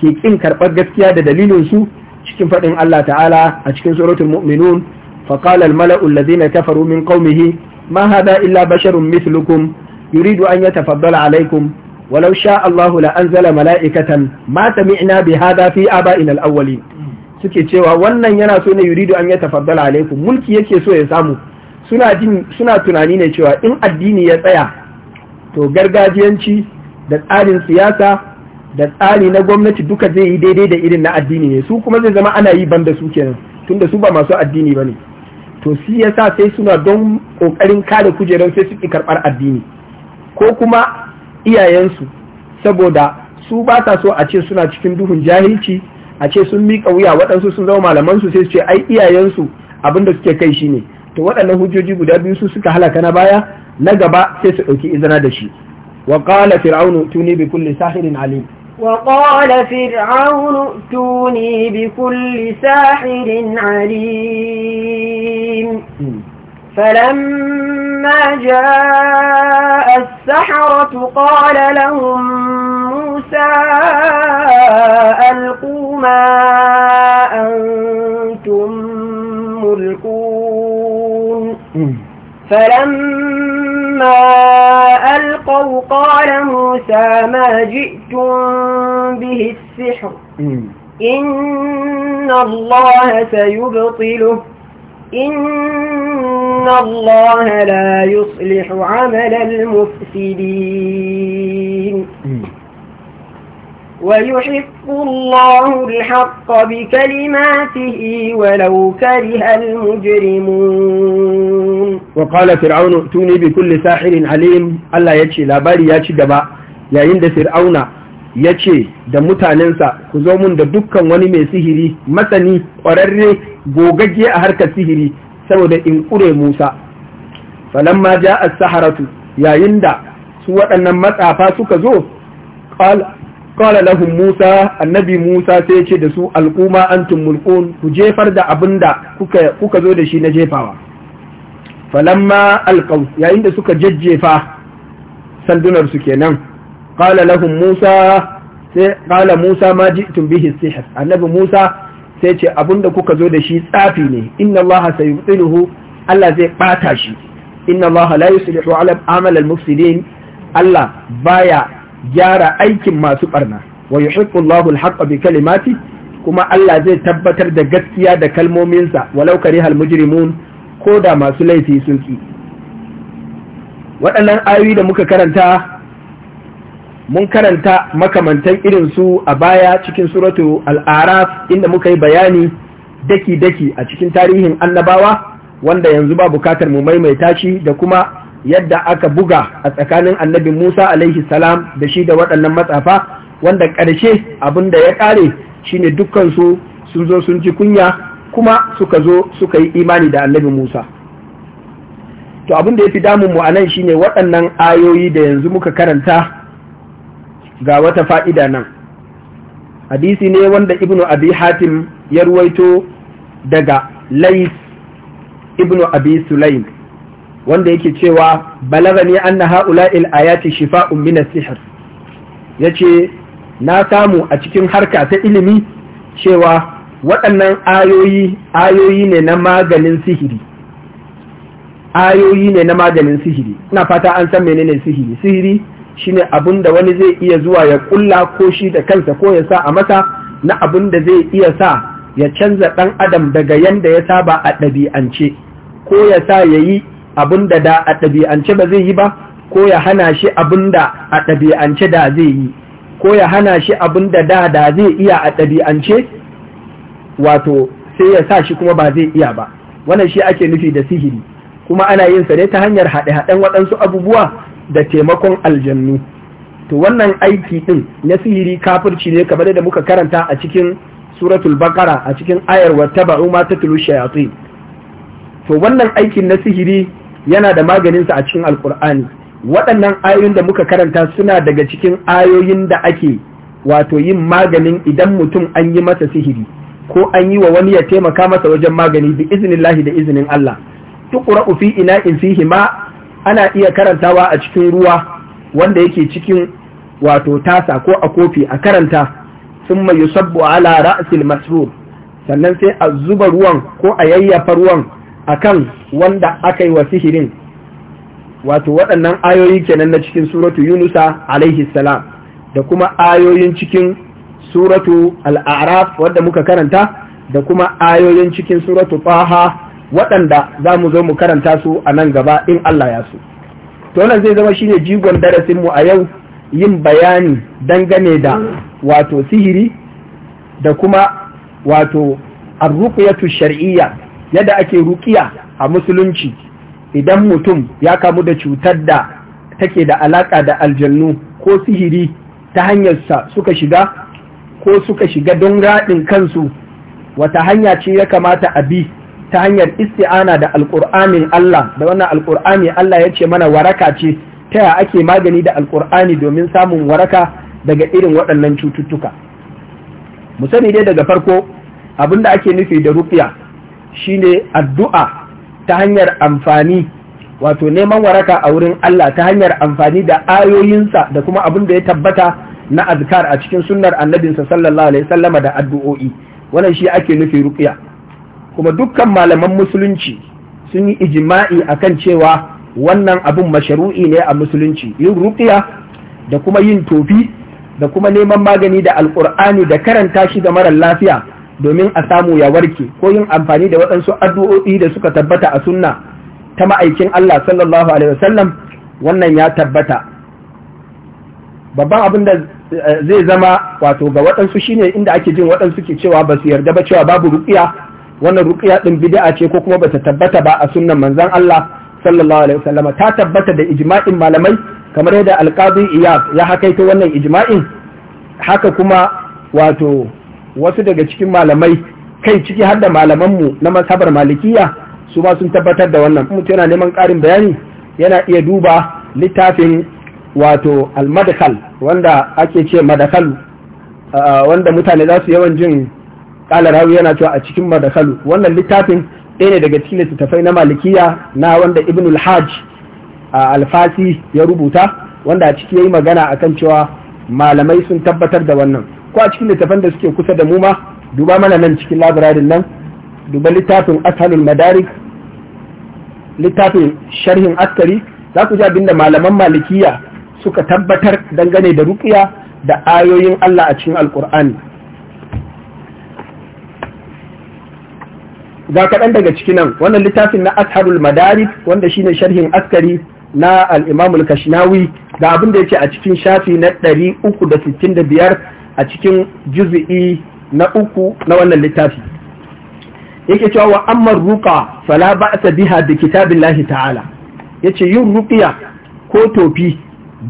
ke ƙin karɓar gaskiya da dalilin su cikin faɗin Allah ta'ala a cikin suratul mu'minun al mala'u alladhina kafaru min qaumihi ma hada illa basharun mithlukum yuridu an yatafaddala alaykum walau sha Allahu la anzala mala'ikatan ma sami'na bi hadha fi aba'ina al-awwalin suke cewa wannan yana so ne yuridu an yatafaddala alaikum mulki yake so ya samu suna jin suna tunani ne cewa in addini ya tsaya to gargajiyanci da tsarin siyasa da tsari na gwamnati duka zai yi daidai da irin na addini ne su kuma zai zama ana yi banda su kenan tunda su ba masu addini bane to shi yasa sai suna don kokarin kare kujerar sai su karɓar addini ko kuma iyayensu saboda su ba ta so a ce suna cikin duhun jahilci a ce sun miƙa wuya waɗansu sun zama malamansu sai su ce ai iyayensu abin da suke kai shi ne, to waɗannan hujjoji guda biyu su suka halaka na baya na gaba sai su ɗauki izina da shi wa qala fir'aunu tuni bi kulli sahirin alim fir'aunu tuni bi kulli sahirin alim hmm. فلما جاء السحرة قال لهم موسى ألقوا ما أنتم ملقون فلما ألقوا قال موسى ما جئتم به السحر إن الله سيبطله إن الله لا يصلح عمل المفسدين ويحق الله الحق بكلماته ولو كره المجرمون وقال فرعون ائتوني بكل ساحر عليم الله يجي لا بالي يجي دبا يا عند فرعون ya ce da mutanensa ku zo mun da dukkan wani mai sihiri masani ƙwararre gogagge a harkar sihiri saboda in ƙure musa falamma ja a saharatu yayin da su waɗannan matsafa suka zo ƙwala lahun musa annabi musa sai ce da su al'umma antum mulkun ku jefar da abin da kuka zo da shi na jefawa falamma alƙau yayin da suka jejjefa sandunarsu kenan qala musa sai qala musa ma ji'tum annabi musa sai ce abinda kuka zo da shi tsafi ne inna allaha sayubtiluhu allah zai ɓata shi inna allaha la yuslihu ala amal al allah baya gyara aikin masu barna wa yuhibbu allahu al haqqa bi kalimati kuma allah zai tabbatar da gaskiya da kalmominsa walau karihal mujrimun ko da masu laifi sun waɗannan ayoyi da muka karanta mun karanta makamantan irin su a baya cikin suratu al'araf inda muka yi bayani daki-daki a cikin tarihin annabawa wanda yanzu ba bukatar mu maimaita shi da kuma yadda aka buga a tsakanin annabi Musa alaihi salam da shi da waɗannan matsafa wanda ƙarshe abin da ya ƙare shine dukkansu sun zo sun ji kunya kuma suka zo suka yi imani da annabi Musa to abin da ya fi damun mu a nan shine waɗannan ayoyi da yanzu muka karanta ga wata fa'ida nan hadisi ne wanda ibnu abi hatim ya ruwaito daga lais ibnu abi sulaim wanda yake cewa balaga an na Ha'ula, ayati shifa'un mina Sihir, ya ce, na samu a cikin harka ta ilimi cewa waɗannan ayoyi ayoyi ne na maganin sihiri ayoyi ne na maganin sihiri ina fata an san menene sihiri sihiri shine abin da wani zai iya zuwa ya ƙulla ko shi da kansa ko ya sa a masa na abin da zai iya sa ya canza ɗan adam daga yanda ya saba a ɗabi'ance ko ya sa ya yi abin da da a ɗabi'ance ba zai yi ba ko ya hana shi abin da a ɗabi'ance da zai yi ko ya hana shi abin da da da zai iya a ɗabi'ance wato sai ya sa shi kuma ba zai iya ba wannan shi ake nufi da sihiri kuma ana yin sa ne ta hanyar haɗe-haɗen waɗansu abubuwa da taimakon aljannu to wannan aiki ɗin na sihiri kafirci ne kamar da muka karanta a cikin suratul bakara a cikin ayar ba'u ma tatlu shayatin to wannan aikin na sihiri yana da maganinsa a cikin alkur'ani waɗannan ayoyin da muka karanta suna daga cikin ayoyin da ake wato yin maganin idan mutum an yi masa sihiri ko an yi wa wani ya taimaka masa wajen magani bi iznillahi da iznin Allah ufi ina in fihi ma ana iya karantawa a cikin ruwa wanda yake cikin wato tasa ko a kofi a karanta sun mai yusabbu ala ra'sil masrur sannan sai a zuba ruwan ko a yayyafa ruwan akan wanda aka yi wa sihirin wato waɗannan ayoyi kenan na cikin suratu yunusa alaihi salam da kuma ayoyin cikin suratu al'araf wadda muka karanta da kuma ayoyin cikin suratu faha waɗanda za mu zo mu karanta su a nan gaba in Allah ya so. To wannan zai zama shine jigon darasinmu a yau yin bayani dangane da wato sihiri da kuma wato arruqyatu shar'iyya yadda ake ruƙiya a musulunci idan mutum ya kamu da cutar da take da alaƙa da aljannu ko sihiri ta hanyarsa suka shiga ko suka shiga don raɗin kansu wata hanya ce ya kamata a bi ta hanyar isti'ana da alƙur'anin Allah da wannan alƙur'ani Allah ya ce mana waraka ce ta ya ake magani da alƙur'ani domin samun waraka daga irin waɗannan cututtuka mu sani dai daga farko abin da ake nufi da rufiya shine addu'a ta hanyar amfani wato neman waraka a wurin Allah ta hanyar amfani da ayoyinsa da kuma abin da ya tabbata na azkar a cikin sunnar annabinsa sallallahu alaihi sallama da addu'o'i wannan shi ake nufi rufiya kuma dukkan malaman musulunci sun yi ijima'i a kan cewa wannan abun masharu'i ne a musulunci yin ruqiya da kuma yin tofi da kuma neman magani da alkur'ani da karanta shi ga marar lafiya domin a samu ya warke ko yin amfani da waɗansu addu'o'i da suka tabbata a sunna ta ma'aikin Allah sallallahu alaihi wasallam wannan ya tabbata babban abin da eh, zai zama wato ga waɗansu shine inda ake jin waɗansu ke cewa ba su yarda ba cewa babu ruqiya wannan ruƙiya din bid'a ce ko kuma bata tabbata ba a sunnan manzon Allah sallallahu alaihi wasallam ta tabbata da ijma'in malamai kamar yadda alqadi iyad ya hakaita wannan ijma'in haka kuma wato wasu daga cikin malamai kai ciki har da malamanmu na mazhabar malikiya su ma sun tabbatar da wannan mutum yana neman ƙarin bayani yana iya duba littafin wato almadakal wanda ake ce madakal wanda mutane za su yawan jin kala rawi yana cewa a cikin madakalu wannan littafin ɗaya ne daga cikin littattafai na malikiya na wanda ibn hajj a alfasi ya rubuta wanda a ciki ya yi magana a kan cewa malamai sun tabbatar da wannan ko a cikin littattafan da suke kusa da mu ma duba mana nan cikin labirarin nan duba littafin ashalul madarik littafin sharhin askari za ku ji abin da malaman malikiya suka tabbatar dangane da rukiya da ayoyin Allah a cikin alkur'ani ga kaɗan daga ciki nan wannan littafin na asharul madarik wanda shine sharhin askari na al-imam al-kashnawi da abin da yake a cikin shafi na 365 a cikin juz'i na uku na wannan littafi yake cewa wa amma ruqa fala ba'sa biha bi kitabillahi ta'ala yace yin ruqiya ko tofi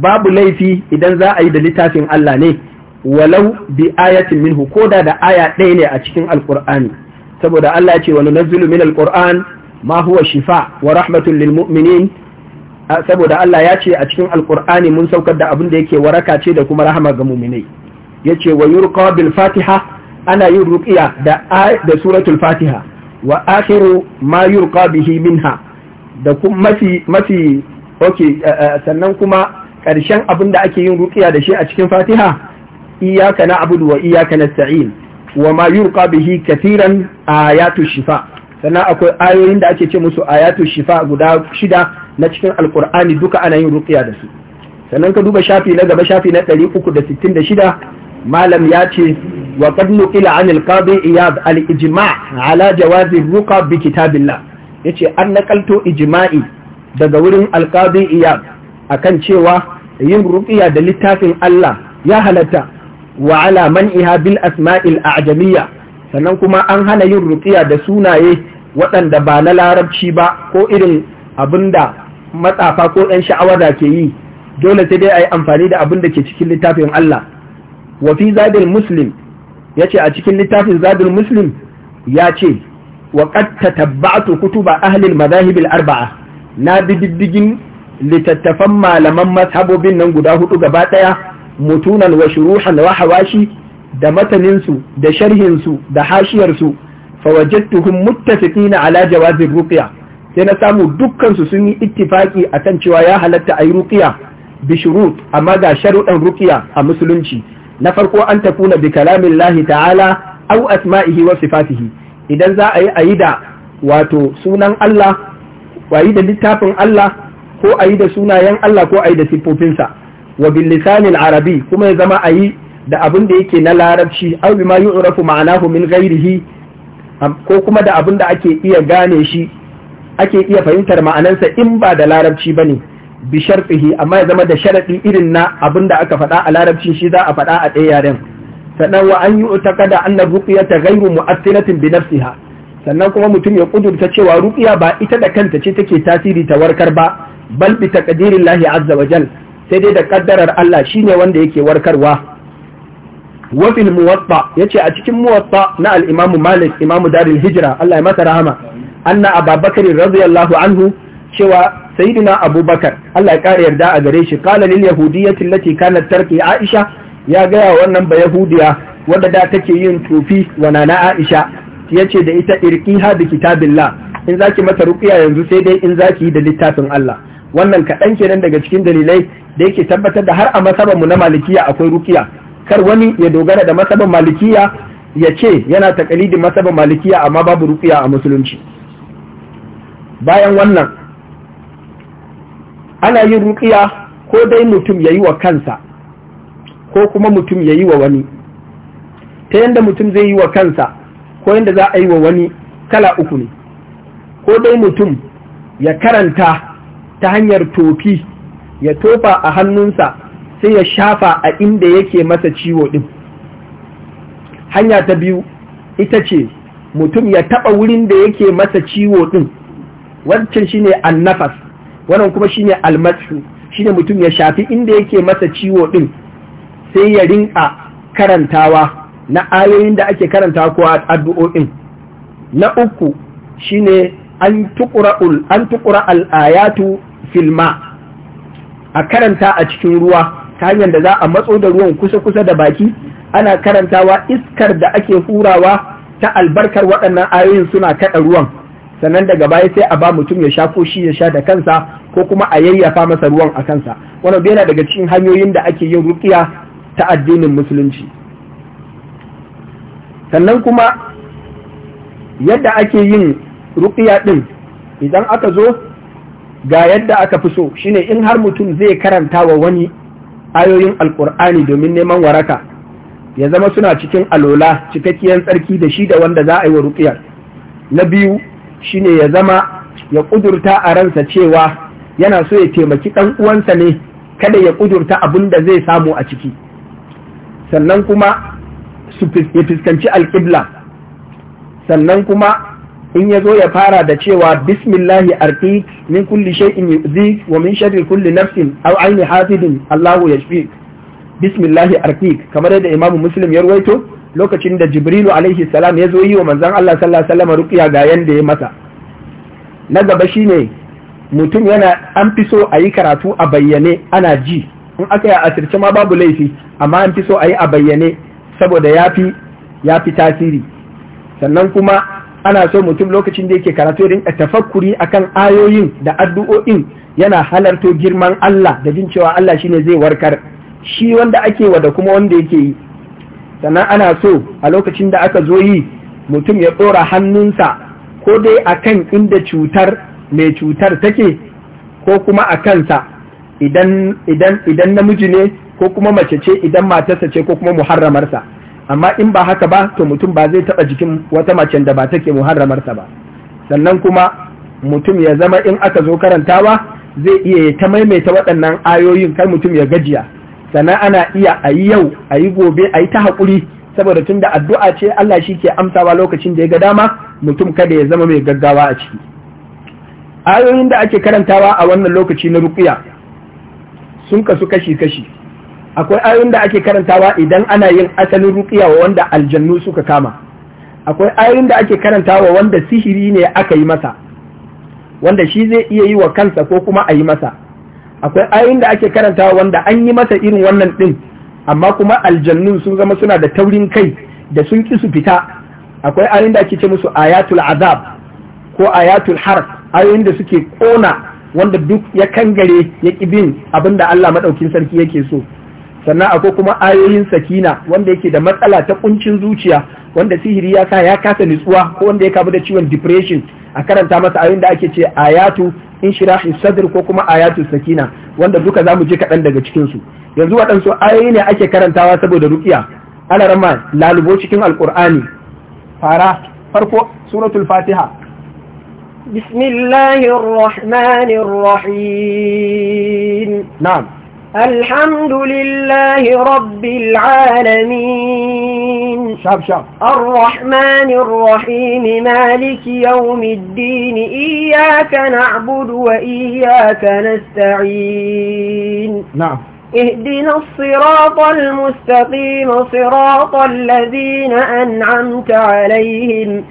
babu laifi idan za a yi da littafin Allah ne walau bi ayatin minhu koda da aya ɗaya ne a cikin alkur'ani saboda Allah ya ce wa nunazzilu min alquran ma huwa shifa wa rahmatul lil mu'minin saboda Allah ya ce a cikin alqur'ani mun saukar da abin da yake waraka ce da kuma rahama ga mu'minai yace wa yurqa bil fatiha ana yin ruqiya da da suratul fatiha wa akhiru ma yurqa bihi minha da kuma mafi mafi okay sannan kuma karshen abin da ake yin ruqiya da shi a cikin fatiha iyyaka na'budu wa iyyaka nasta'in wa ma yurqa bihi kathiran ayatu shifa sannan akwai ayoyin da ake ce musu ayatu shifa guda shida na cikin alqur'ani duka ana yin ruqya da su sannan ka duba shafi na gaba shafi na 366 malam ya ce wa qad nuqila an al-qadi iyad al ala jawaz ruqa bi kitabillah yace an nakalto ijma'i daga wurin al-qadi iyad akan cewa yin ruqya da littafin Allah ya halatta wa ala man'iha bil asma'il a'jamiyya sannan kuma an hana yin ruqiya da sunaye waɗanda ba na larabci ba ko irin abinda matsafa ko ɗan sha'awada ke yi dole sai dai a yi amfani da abin da ke cikin littafin Allah wa fi zadil muslim ya ce a cikin littafin zadil muslim ya ce wa qad tatabba'tu kutuba ahli al-madahib al-arba'a na bi diddigin littattafan malaman mazhabobin nan guda hudu gaba ɗaya mutunan wa shuruhan wa hawashi da mataninsu da sharhinsu da hashiyarsu fawajattuhum na ala jawazi ruqya sai na samu dukkan su sun yi ittifaki akan cewa ya halatta ayi ruqya bi shurut amma ga sharuɗan ruqya a musulunci na farko an takuna bi kalamin lahi ta'ala au asma'ihi wa sifatihi idan za a yi ayi da wato sunan Allah da littafin Allah ko ayi da sunayen Allah ko ayi da siffofinsa wa billisanin arabi kuma ya zama yi da abin da yake na larabci aw bima yu'rafu ma'anahu min ghairihi ko kuma da abin da ake iya gane shi ake iya fahimtar ma'anansa in ba da larabci bane bi sharfihi amma ya zama da sharadi irin na abin da aka faɗa a larabcin shi za a faɗa a ɗaya yaren sannan wa an yi utakada anna ruqyata ghayru mu'assiratin bi nafsiha sannan kuma mutum ya kudurta cewa ruqiya ba ita da kanta ce take tasiri ta warkar ba bal bi taqdirillahi azza wa jal sai dai da kaddarar Allah shine wanda yake warkarwa Wafil fil ya yace a cikin muwatta na al Malik imamu Darul Hijra Allah ya masa rahama anna Abubakar radiyallahu anhu cewa sayyidina Abubakar Allah ya kare yarda a gare shi qala lil yahudiyyati allati kanat tarki Aisha ya gaya wannan ba yahudiya da take yin tufi wa nana Aisha yace da ita irqiha bi kitabillah in zaki mata ruqiya yanzu sai dai in zaki da littafin Allah wannan kaɗan kenan daga cikin dalilai da yake tabbatar da har a masabanmu na malikiya akwai rukiya kar wani ya dogara da masaban malikiya ya ce yana takalidin masaban malikiya amma babu rukiya a musulunci bayan wannan ana yin rukiya ko dai mutum ya yi wa kansa ko kuma mutum ya yi wa wani ta yadda mutum zai yi wa kansa ko yadda za a yi wa wani kala uku ne ko dai mutum ya karanta ta hanyar tofi ya tofa a hannunsa sai ya shafa a inda yake masa ciwo ɗin hanya ta biyu ita ce mutum ya taɓa wurin da yake masa ciwo ɗin wancan shine annafas wannan kuma shine almasu shine mutum ya shafi inda yake masa ciwo ɗin sai ya rinka karantawa na ayoyin da ake karanta ko addu'o'in na uku shi ne an tuƙura al'ayatu filma a karanta a cikin ruwa ta hanyar da za a matso da ruwan kusa-kusa da baki ana karantawa iskar da ake hurawa ta albarkar waɗannan ayoyin suna kaɗa ruwan sannan daga baya sai a ba mutum ya sha ko shi ya sha da kansa ko kuma a yayyafa masa ruwan a kansa wannan yana daga cikin hanyoyin da ake yin ruqiya ta addinin musulunci sannan kuma yadda ake yin ruƙiya din idan aka zo ga yadda aka fi so shine in har mutum zai karanta wa wani ayoyin alkur'ani domin neman waraka ya zama suna cikin alola cikakkiyar tsarki da shi da wanda za a yi wa ruƙiyar na biyu shine ya zama ya ƙudurta a ransa cewa yana so ya taimaki ɗan uwansa ne kada ya ƙudurta abin da zai samu a ciki sannan kuma ya fuskanci alƙibla sannan kuma in ya zo ya fara da cewa bismillahi arqik min kulli shay'in yuzi wa min sharri kulli nafsin aw ayni hasidin Allahu yashfi bismillahi arqik kamar yadda Imam Muslim ya ruwaito lokacin da Jibrilu alaihi salam ya zo yi wa manzon Allah sallallahu alaihi wasallam ruqiya ga yanda ya masa na gaba shine mutum yana an fi so a yi karatu a bayyane ana ji in aka yi a asirce ma babu laifi amma an fi so a yi a bayyane saboda ya fi tasiri sannan kuma ana so mutum lokacin da yake karatu ya rinka tafakkuri kan ayoyin da addu'o'in yana halarto girman Allah da jin cewa Allah ne zai warkar shi wanda ake wa da kuma wanda yake yi sannan ana so a lokacin da aka zo yi mutum ya ɗora hannunsa ko dai akan inda cutar mai cutar take ko kuma a kansa idan namiji ne ko kuma mace ce idan matarsa ce ko kuma muharramarsa amma in ba haka ba to mutum ba zai taɓa jikin wata macen da ba take muharramarta ba sannan kuma mutum ya zama in aka zo karantawa zai iya ya ta maimaita waɗannan ayoyin kai mutum ya gajiya sannan ana iya a yi yau a yi gobe a yi ta haƙuri saboda tun da addu'a ce Allah shi ke amsawa lokacin da ya ga dama mutum kada ya zama mai gaggawa a ciki ayoyin da ake karantawa a wannan lokaci na rukuya sun kasu kashi-kashi akwai ayoyin da ake karantawa idan ana yin asalin ruqiya wa wanda aljannu suka kama akwai ayoyin da ake karantawa wanda sihiri ne aka yi masa wanda shi zai iya yi wa kansa ko kuma a yi masa akwai ayoyin da ake karantawa wanda an yi masa irin wannan din amma kuma aljannun sun zama suna da taurin kai da sun ki su fita akwai ayoyin da ake ce musu ayatul azab ko ayatul harf ayoyin da suke kona wanda duk ya kangare ya ƙi bin abin da Allah maɗaukin sarki yake so sannan akwai kuma ayoyin sakina wanda yake da matsala ta kuncin zuciya wanda sihiri ya sa ya kasa nutsuwa ko wanda ya kamu da ciwon depression a karanta masa ayoyin da ake ce ayatu in inshirahi sadr ko kuma ayatu sakina wanda duka za mu je kaɗan daga cikinsu. yanzu waɗansu ayoyi ne ake karantawa saboda rukiya ana rama lalubo cikin Alƙur'ani. fara farko suratul fatiha بسم الله الحمد لله رب العالمين شاب شاب الرحمن الرحيم مالك يوم الدين إياك نعبد وإياك نستعين نعم اهدنا الصراط المستقيم صراط الذين أنعمت عليهم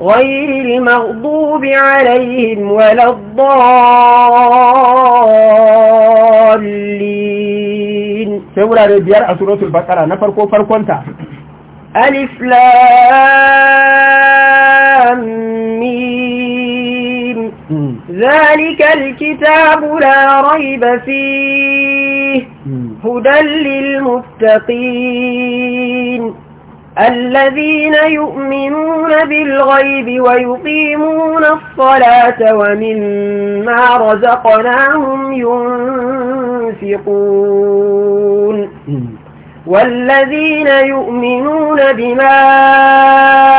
غير المغضوب عليهم ولا الضالين سورة ربيار سورة البقرة نفرقو كنت ألف لام مين ذلك الكتاب لا ريب فيه هدى للمتقين الذين يؤمنون بالغيب ويقيمون الصلاة ومما رزقناهم ينفقون والذين يؤمنون بما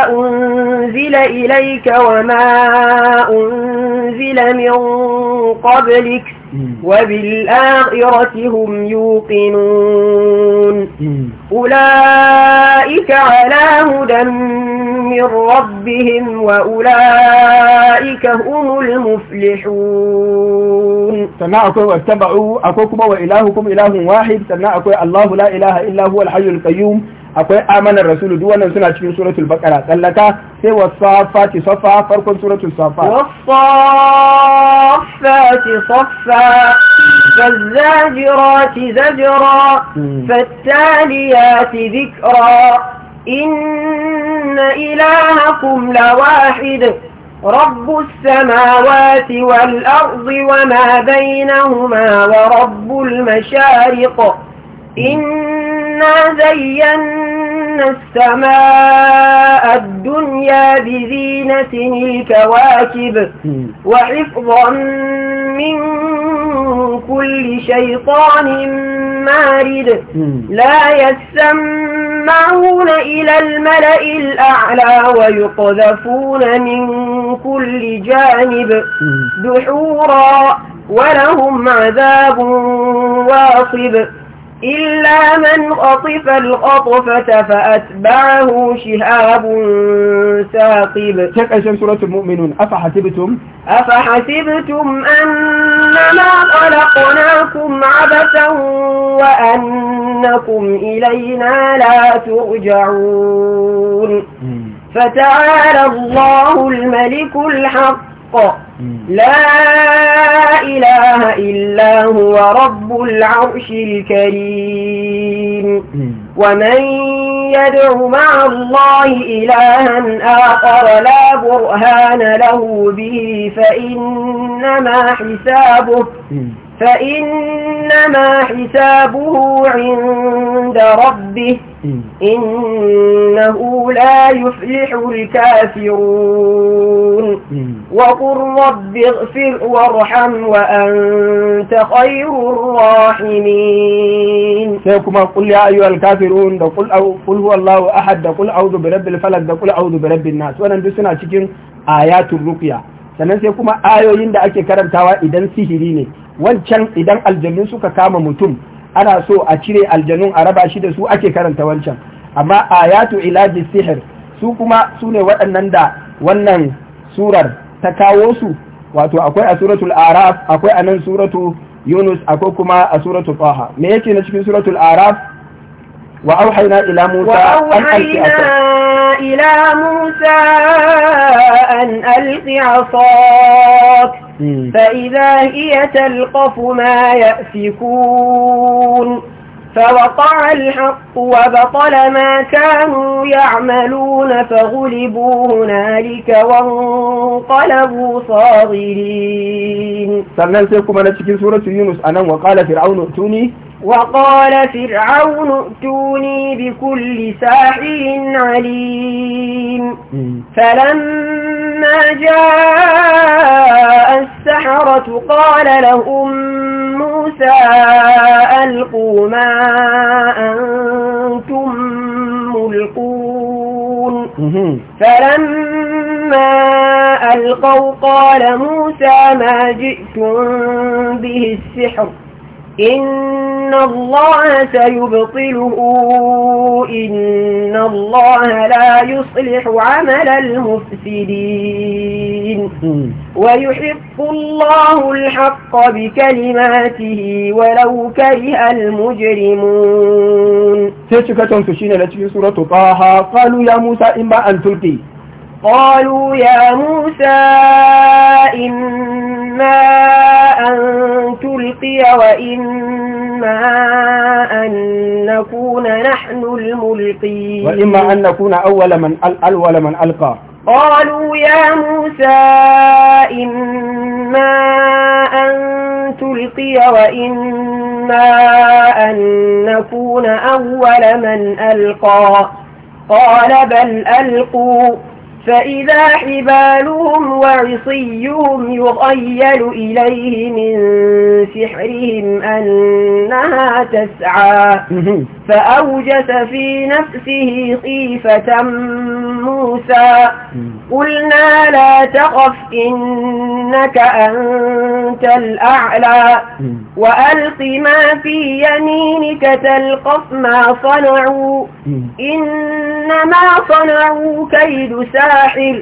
أنزل إليك وما أنزل من قبلك وبالآخرة هم يوقنون أولئك على هدى من ربهم وأولئك هم المفلحون سنة أكوي واتبعوا أكوكم وإلهكم إله واحد سنة أكوي الله لا إله إلا هو الحي القيوم akwai amanar rasulu duk wannan suna cikin suratul baqara tsallaka sai wasafati safa farkon suratul safa wasafati safa فالزاجرات زجرا فالتاليات ذكرا إن إلهكم لواحد رب السماوات والأرض وما بينهما ورب المشارق إن إِنَّا زَيَّنَّا السَّمَاءَ الدُّنْيَا بِزِينَةٍ الْكَوَاكِبِ وَحِفْظًا مِنْ كُلِّ شَيْطَانٍ مَارِدٍ لَا يَسَّمَّعُونَ إِلَى الْمَلَإِ الْأَعْلَى وَيُقْذَفُونَ مِنْ كُلِّ جَانِبٍ دُحُورًا وَلَهُمْ عَذَابٌ وَاصِبٌ إلا من خطف الخطفة فأتبعه شهاب ساقب تكأشن سورة المؤمنون أفحسبتم أفحسبتم أنما خلقناكم عبثا وأنكم إلينا لا ترجعون فتعالى الله الملك الحق الحق لا إله إلا هو رب العرش الكريم ومن يدع مع الله إلها آخر لا برهان له به فإنما حسابه فإنما حسابه عند ربه إنه لا يفلح الكافرون وقل رب اغفر وارحم وأنت خير الراحمين سيكما قل يا أيها الكافرون قل, أو قل هو الله أحد قل أعوذ برب الفلك قل أعوذ برب الناس وأنا ندسنا cikin آيات الرقية sannan sai kuma ayoyin da ake karantawa idan sihiri ne wancan idan aljannu suka kama mutum ana so a cire aljannun a raba shi da su ake karanta wancan amma ayatu ilaji sihir su kuma su ne waɗannan da wannan surar ta kawo su wato akwai a suratul araf akwai a nan suratu yunus akwai kuma a suratul taha me yake na cikin suratul araf wa auhayna ila musa an alqi ila musa an alqi فإذا هي تلقف ما يأفكون فوقع الحق وبطل ما كانوا يعملون فغلبوا هنالك وانقلبوا صاغرين سألنا سيكم أنا تشكي سورة يونس أنا وقال فرعون ائتوني وقال فرعون ائتوني بكل ساحر عليم فلما جاء السحرة قال لهم موسى ألقوا ما أنتم ملقون فلما ألقوا قال موسى ما جئتم به السحر إن الله سيبطله إن الله لا يصلح عمل المفسدين ويحق الله الحق بكلماته ولو كره المجرمون تشكتون تشين لتشين سورة طه قالوا يا موسى إما أن تلقي قالوا يا موسى إما أن تلقي وإما أن نكون نحن الملقين وإما أن نكون أول من أول من ألقى قالوا يا موسى إما أن تلقي وإما أن نكون أول من ألقى قال بل ألقوا فإذا حبالهم وعصيهم يخيل إليه من سحرهم أنها تسعى فأوجس في نفسه خيفة موسى قلنا لا تخف إنك أنت الأعلى وألق ما في يمينك تلقف ما صنعوا إنما صنعوا كيد ساحر الساحر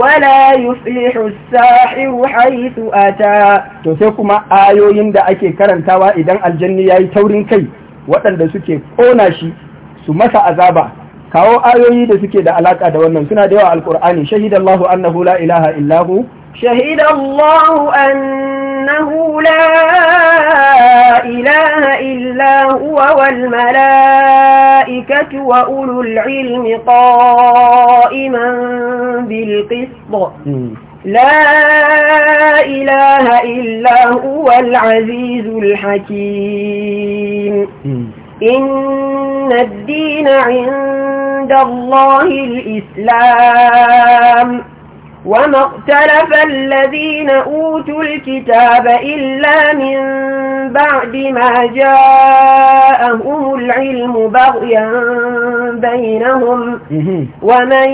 ولا يفلح الساحر حيث أتى to sai kuma ayoyin da ake karantawa idan aljanni yayi taurin kai waɗanda suke kona shi su masa azaba kawo ayoyi da suke da alaka da wannan suna da yawa alqur'ani shahidallahu annahu la ilaha illahu شهد الله أنه لا إله إلا هو والملائكة وأولو العلم قائما بالقسط لا إله إلا هو العزيز الحكيم إن الدين عند الله الإسلام وما اختلف الذين أوتوا الكتاب إلا من بعد ما جاءهم العلم بغيا بينهم ومن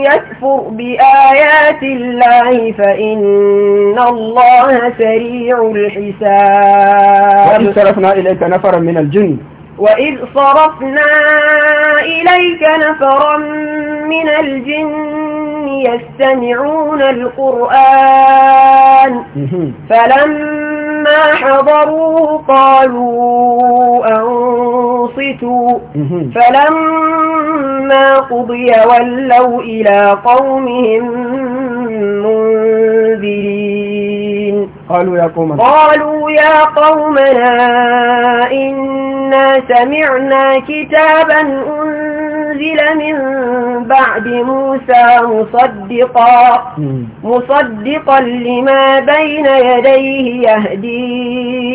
يكفر بآيات الله فإن الله سريع الحساب وإن صرفنا إليك نفرا من الجن وإذ صرفنا إليك نفرا من الجن يستمعون القرآن فلما حضروا قالوا أنصتوا فلما قضي ولوا إلى قومهم منذرين قالوا يا قومنا قالوا يا قومنا إنا سمعنا كتابا أنزل أنزل من بعد موسى مصدقا مصدقا لما بين يديه يهدي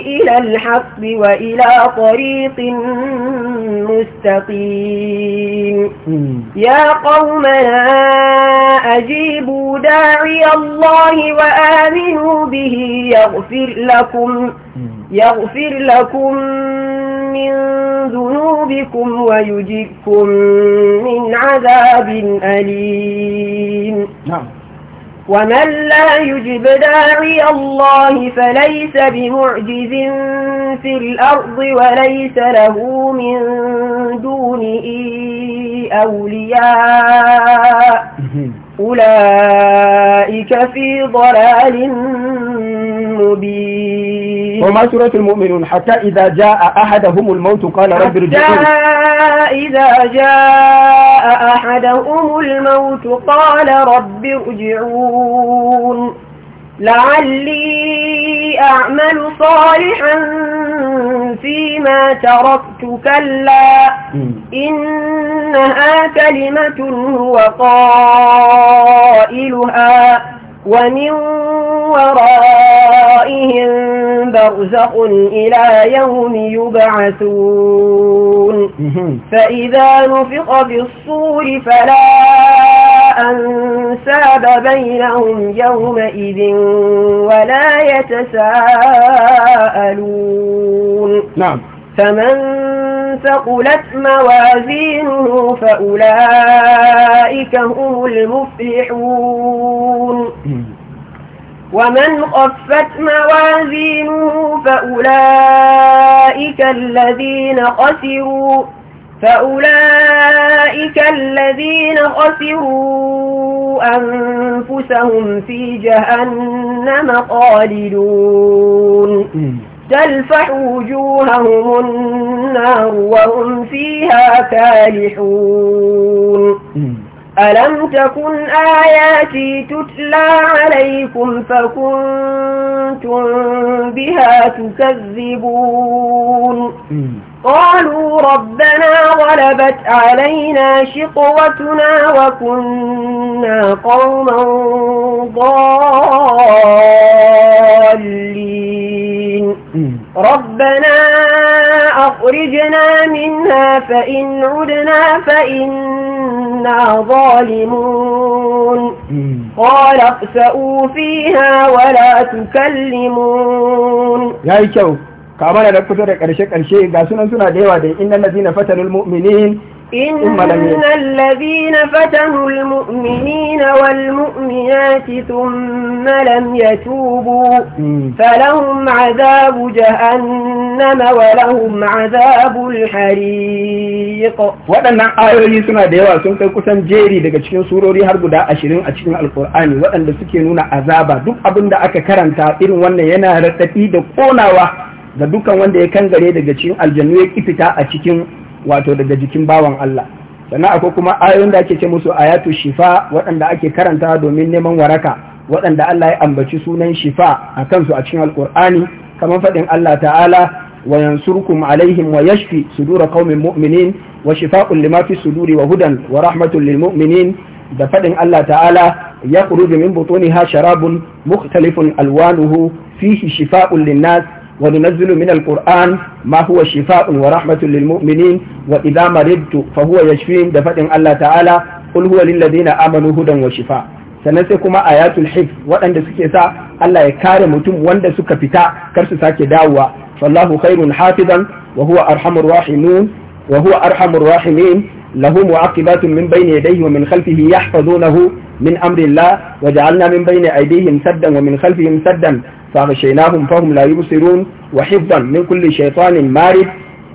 إلى الحق وإلى طريق مستقيم يا قومنا أجيبوا داعي الله وآمنوا به يغفر لكم يغفر لكم من ذنوبكم ويجئكم من عذاب أليم نعم ومن لا يجب داعي الله فليس بمعجز في الأرض وليس له من دونه أولياء أولئك في ضلال مبين وما سورة المؤمنون حتى إذا جاء أحدهم الموت قال رب ارجعون إذا جاء أحدهم الموت قال رب ارجعون لعلي أعمل صالحا فيما تركت كلا إنها كلمة هو قائلها ومن ورائهم برزق إلى يوم يبعثون فإذا نفق بالصور فلا أنساب بينهم يومئذ ولا يتساءلون نعم فمن ثقلت موازينه فأولئك هم المفلحون ومن خفت موازينه فأولئك الذين خسروا فأولئك الذين خسروا أنفسهم في جهنم خالدون تلفح وجوههم النار وهم فيها كالحون ألم تكن آياتي تتلى عليكم فكنتم بها تكذبون قالوا ربنا غلبت علينا شقوتنا وكنا قوما ضالين ربنا أخرجنا منها فإن عدنا فإنا ظالمون قال اخسأوا فيها ولا تكلمون يا إيشو kamar da kusa da ƙarshe-ƙarshe ga sunan suna da yawa da inna lazina fatanul mu'minin إن الذين فتنوا المؤمنين والمؤمنات ثم لم يتوبوا فلهم عذاب جهنم ولهم عذاب الحريق waɗannan ayoyi suna da yawa sun kai kusan jeri daga cikin surori har guda ashirin a cikin alkur'ani waɗanda suke nuna azaba duk abin da aka karanta irin wannan yana raɗaɗi da ƙonawa ga dukan wanda ya kangare daga cikin aljannu ya ƙi fita a cikin wato daga jikin bawan Allah sannan akwai kuma ayoyin da ake ce musu ayatu shifa waɗanda ake karanta domin neman waraka waɗanda Allah ya ambaci sunan shifa a kansu a cikin alkur'ani kamar faɗin Allah ta'ala wa yansurkum alaihim wa yashfi sudura qaumin mu'minin wa shifa'un lima fi suduri wa hudan wa rahmatul lil mu'minin da faɗin Allah ta'ala يخرج من sharabun شراب alwanuhu fihi shifa'un شفاء للناس وننزل من القرآن ما هو شفاء ورحمة للمؤمنين وإذا مرضت فهو يشفين دفع الله تعالى قل هو للذين آمنوا هدى وشفاء sannan sai kuma ayatul hif waɗanda suke sa Allah ya kare mutum wanda suka fita kar su sake dawowa wallahu khairun hafizan wa huwa arhamur rahimun wa huwa arhamur rahimin lahu mu'aqibatun min bayni yadayhi wa min khalfihi yahfazunahu min amri Allah wa ja'alna min bayni aydihim saddan wa min khalfihim saddan فمشيناهم فهم لا يبصرون وحفظا من كل شيطان مارد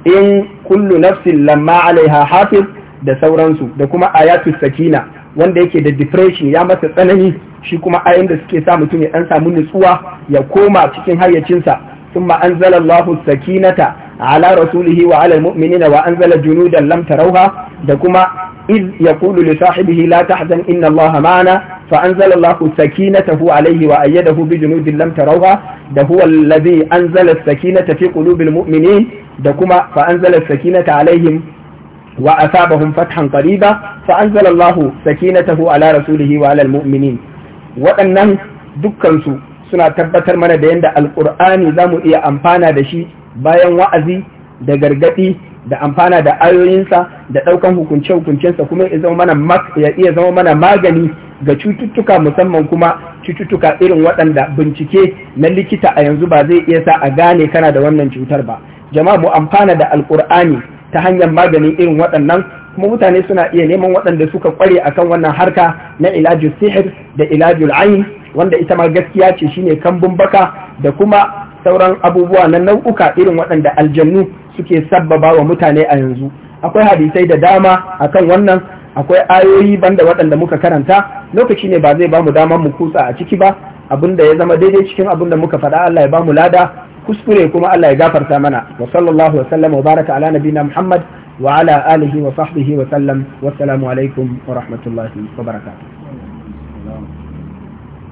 in kullu nafsin lamma alaiha hafiz da sauransu da kuma ayatu sakina wanda yake da depression ya masa tsanani shi kuma ayin da suke sa mutum ya dan samu nutsuwa ya koma cikin hayyacinsa thumma anzala Allahu sakinata ala rasulihi wa ala almu'minina wa anzala junudan lam tarauha da kuma إذ يقول لصاحبه لا تحزن إن الله معنا فأنزل الله سكينته عليه وأيده بجنود لم تروها ده هو الذي أنزل السكينة في قلوب المؤمنين ده كما فأنزل السكينة عليهم وأثابهم فتحا قريبا فأنزل الله سكينته على رسوله وعلى المؤمنين waɗannan dukkansu suna tabbatar mana da yadda alƙur'ani za mu iya amfana da shi bayan wa'azi da gargaɗi da amfana da ayoyinsa da ɗaukan hukunce-hukuncensa kuma ya iya zama mana magani ga cututtuka musamman kuma cututtuka irin waɗanda bincike na likita a yanzu ba zai iya sa a gane kana da wannan cutar ba jama'a mu amfana da alkur'ani ta hanyar maganin irin waɗannan kuma mutane suna iya neman waɗanda suka kware akan wannan harka na ilajul sihir da ilajul ayin wanda ita ma gaskiya ce shine kambun baka da kuma sauran abubuwa na nau'uka irin waɗanda aljannu suke sabbaba wa mutane a yanzu akwai hadisai da dama akan wannan akwai ayoyi banda waɗanda muka karanta lokaci ne ba zai bamu damar mu kutsa a ciki ba da ya zama daidai cikin abin da muka faɗa Allah ya bamu lada kuskure kuma Allah ya gafarta mana wa sallallahu wa sallam wa baraka ala nabina Muhammad wa ala alihi wa sahbihi wa sallam salamu alaikum wa rahmatullahi wa barakatuh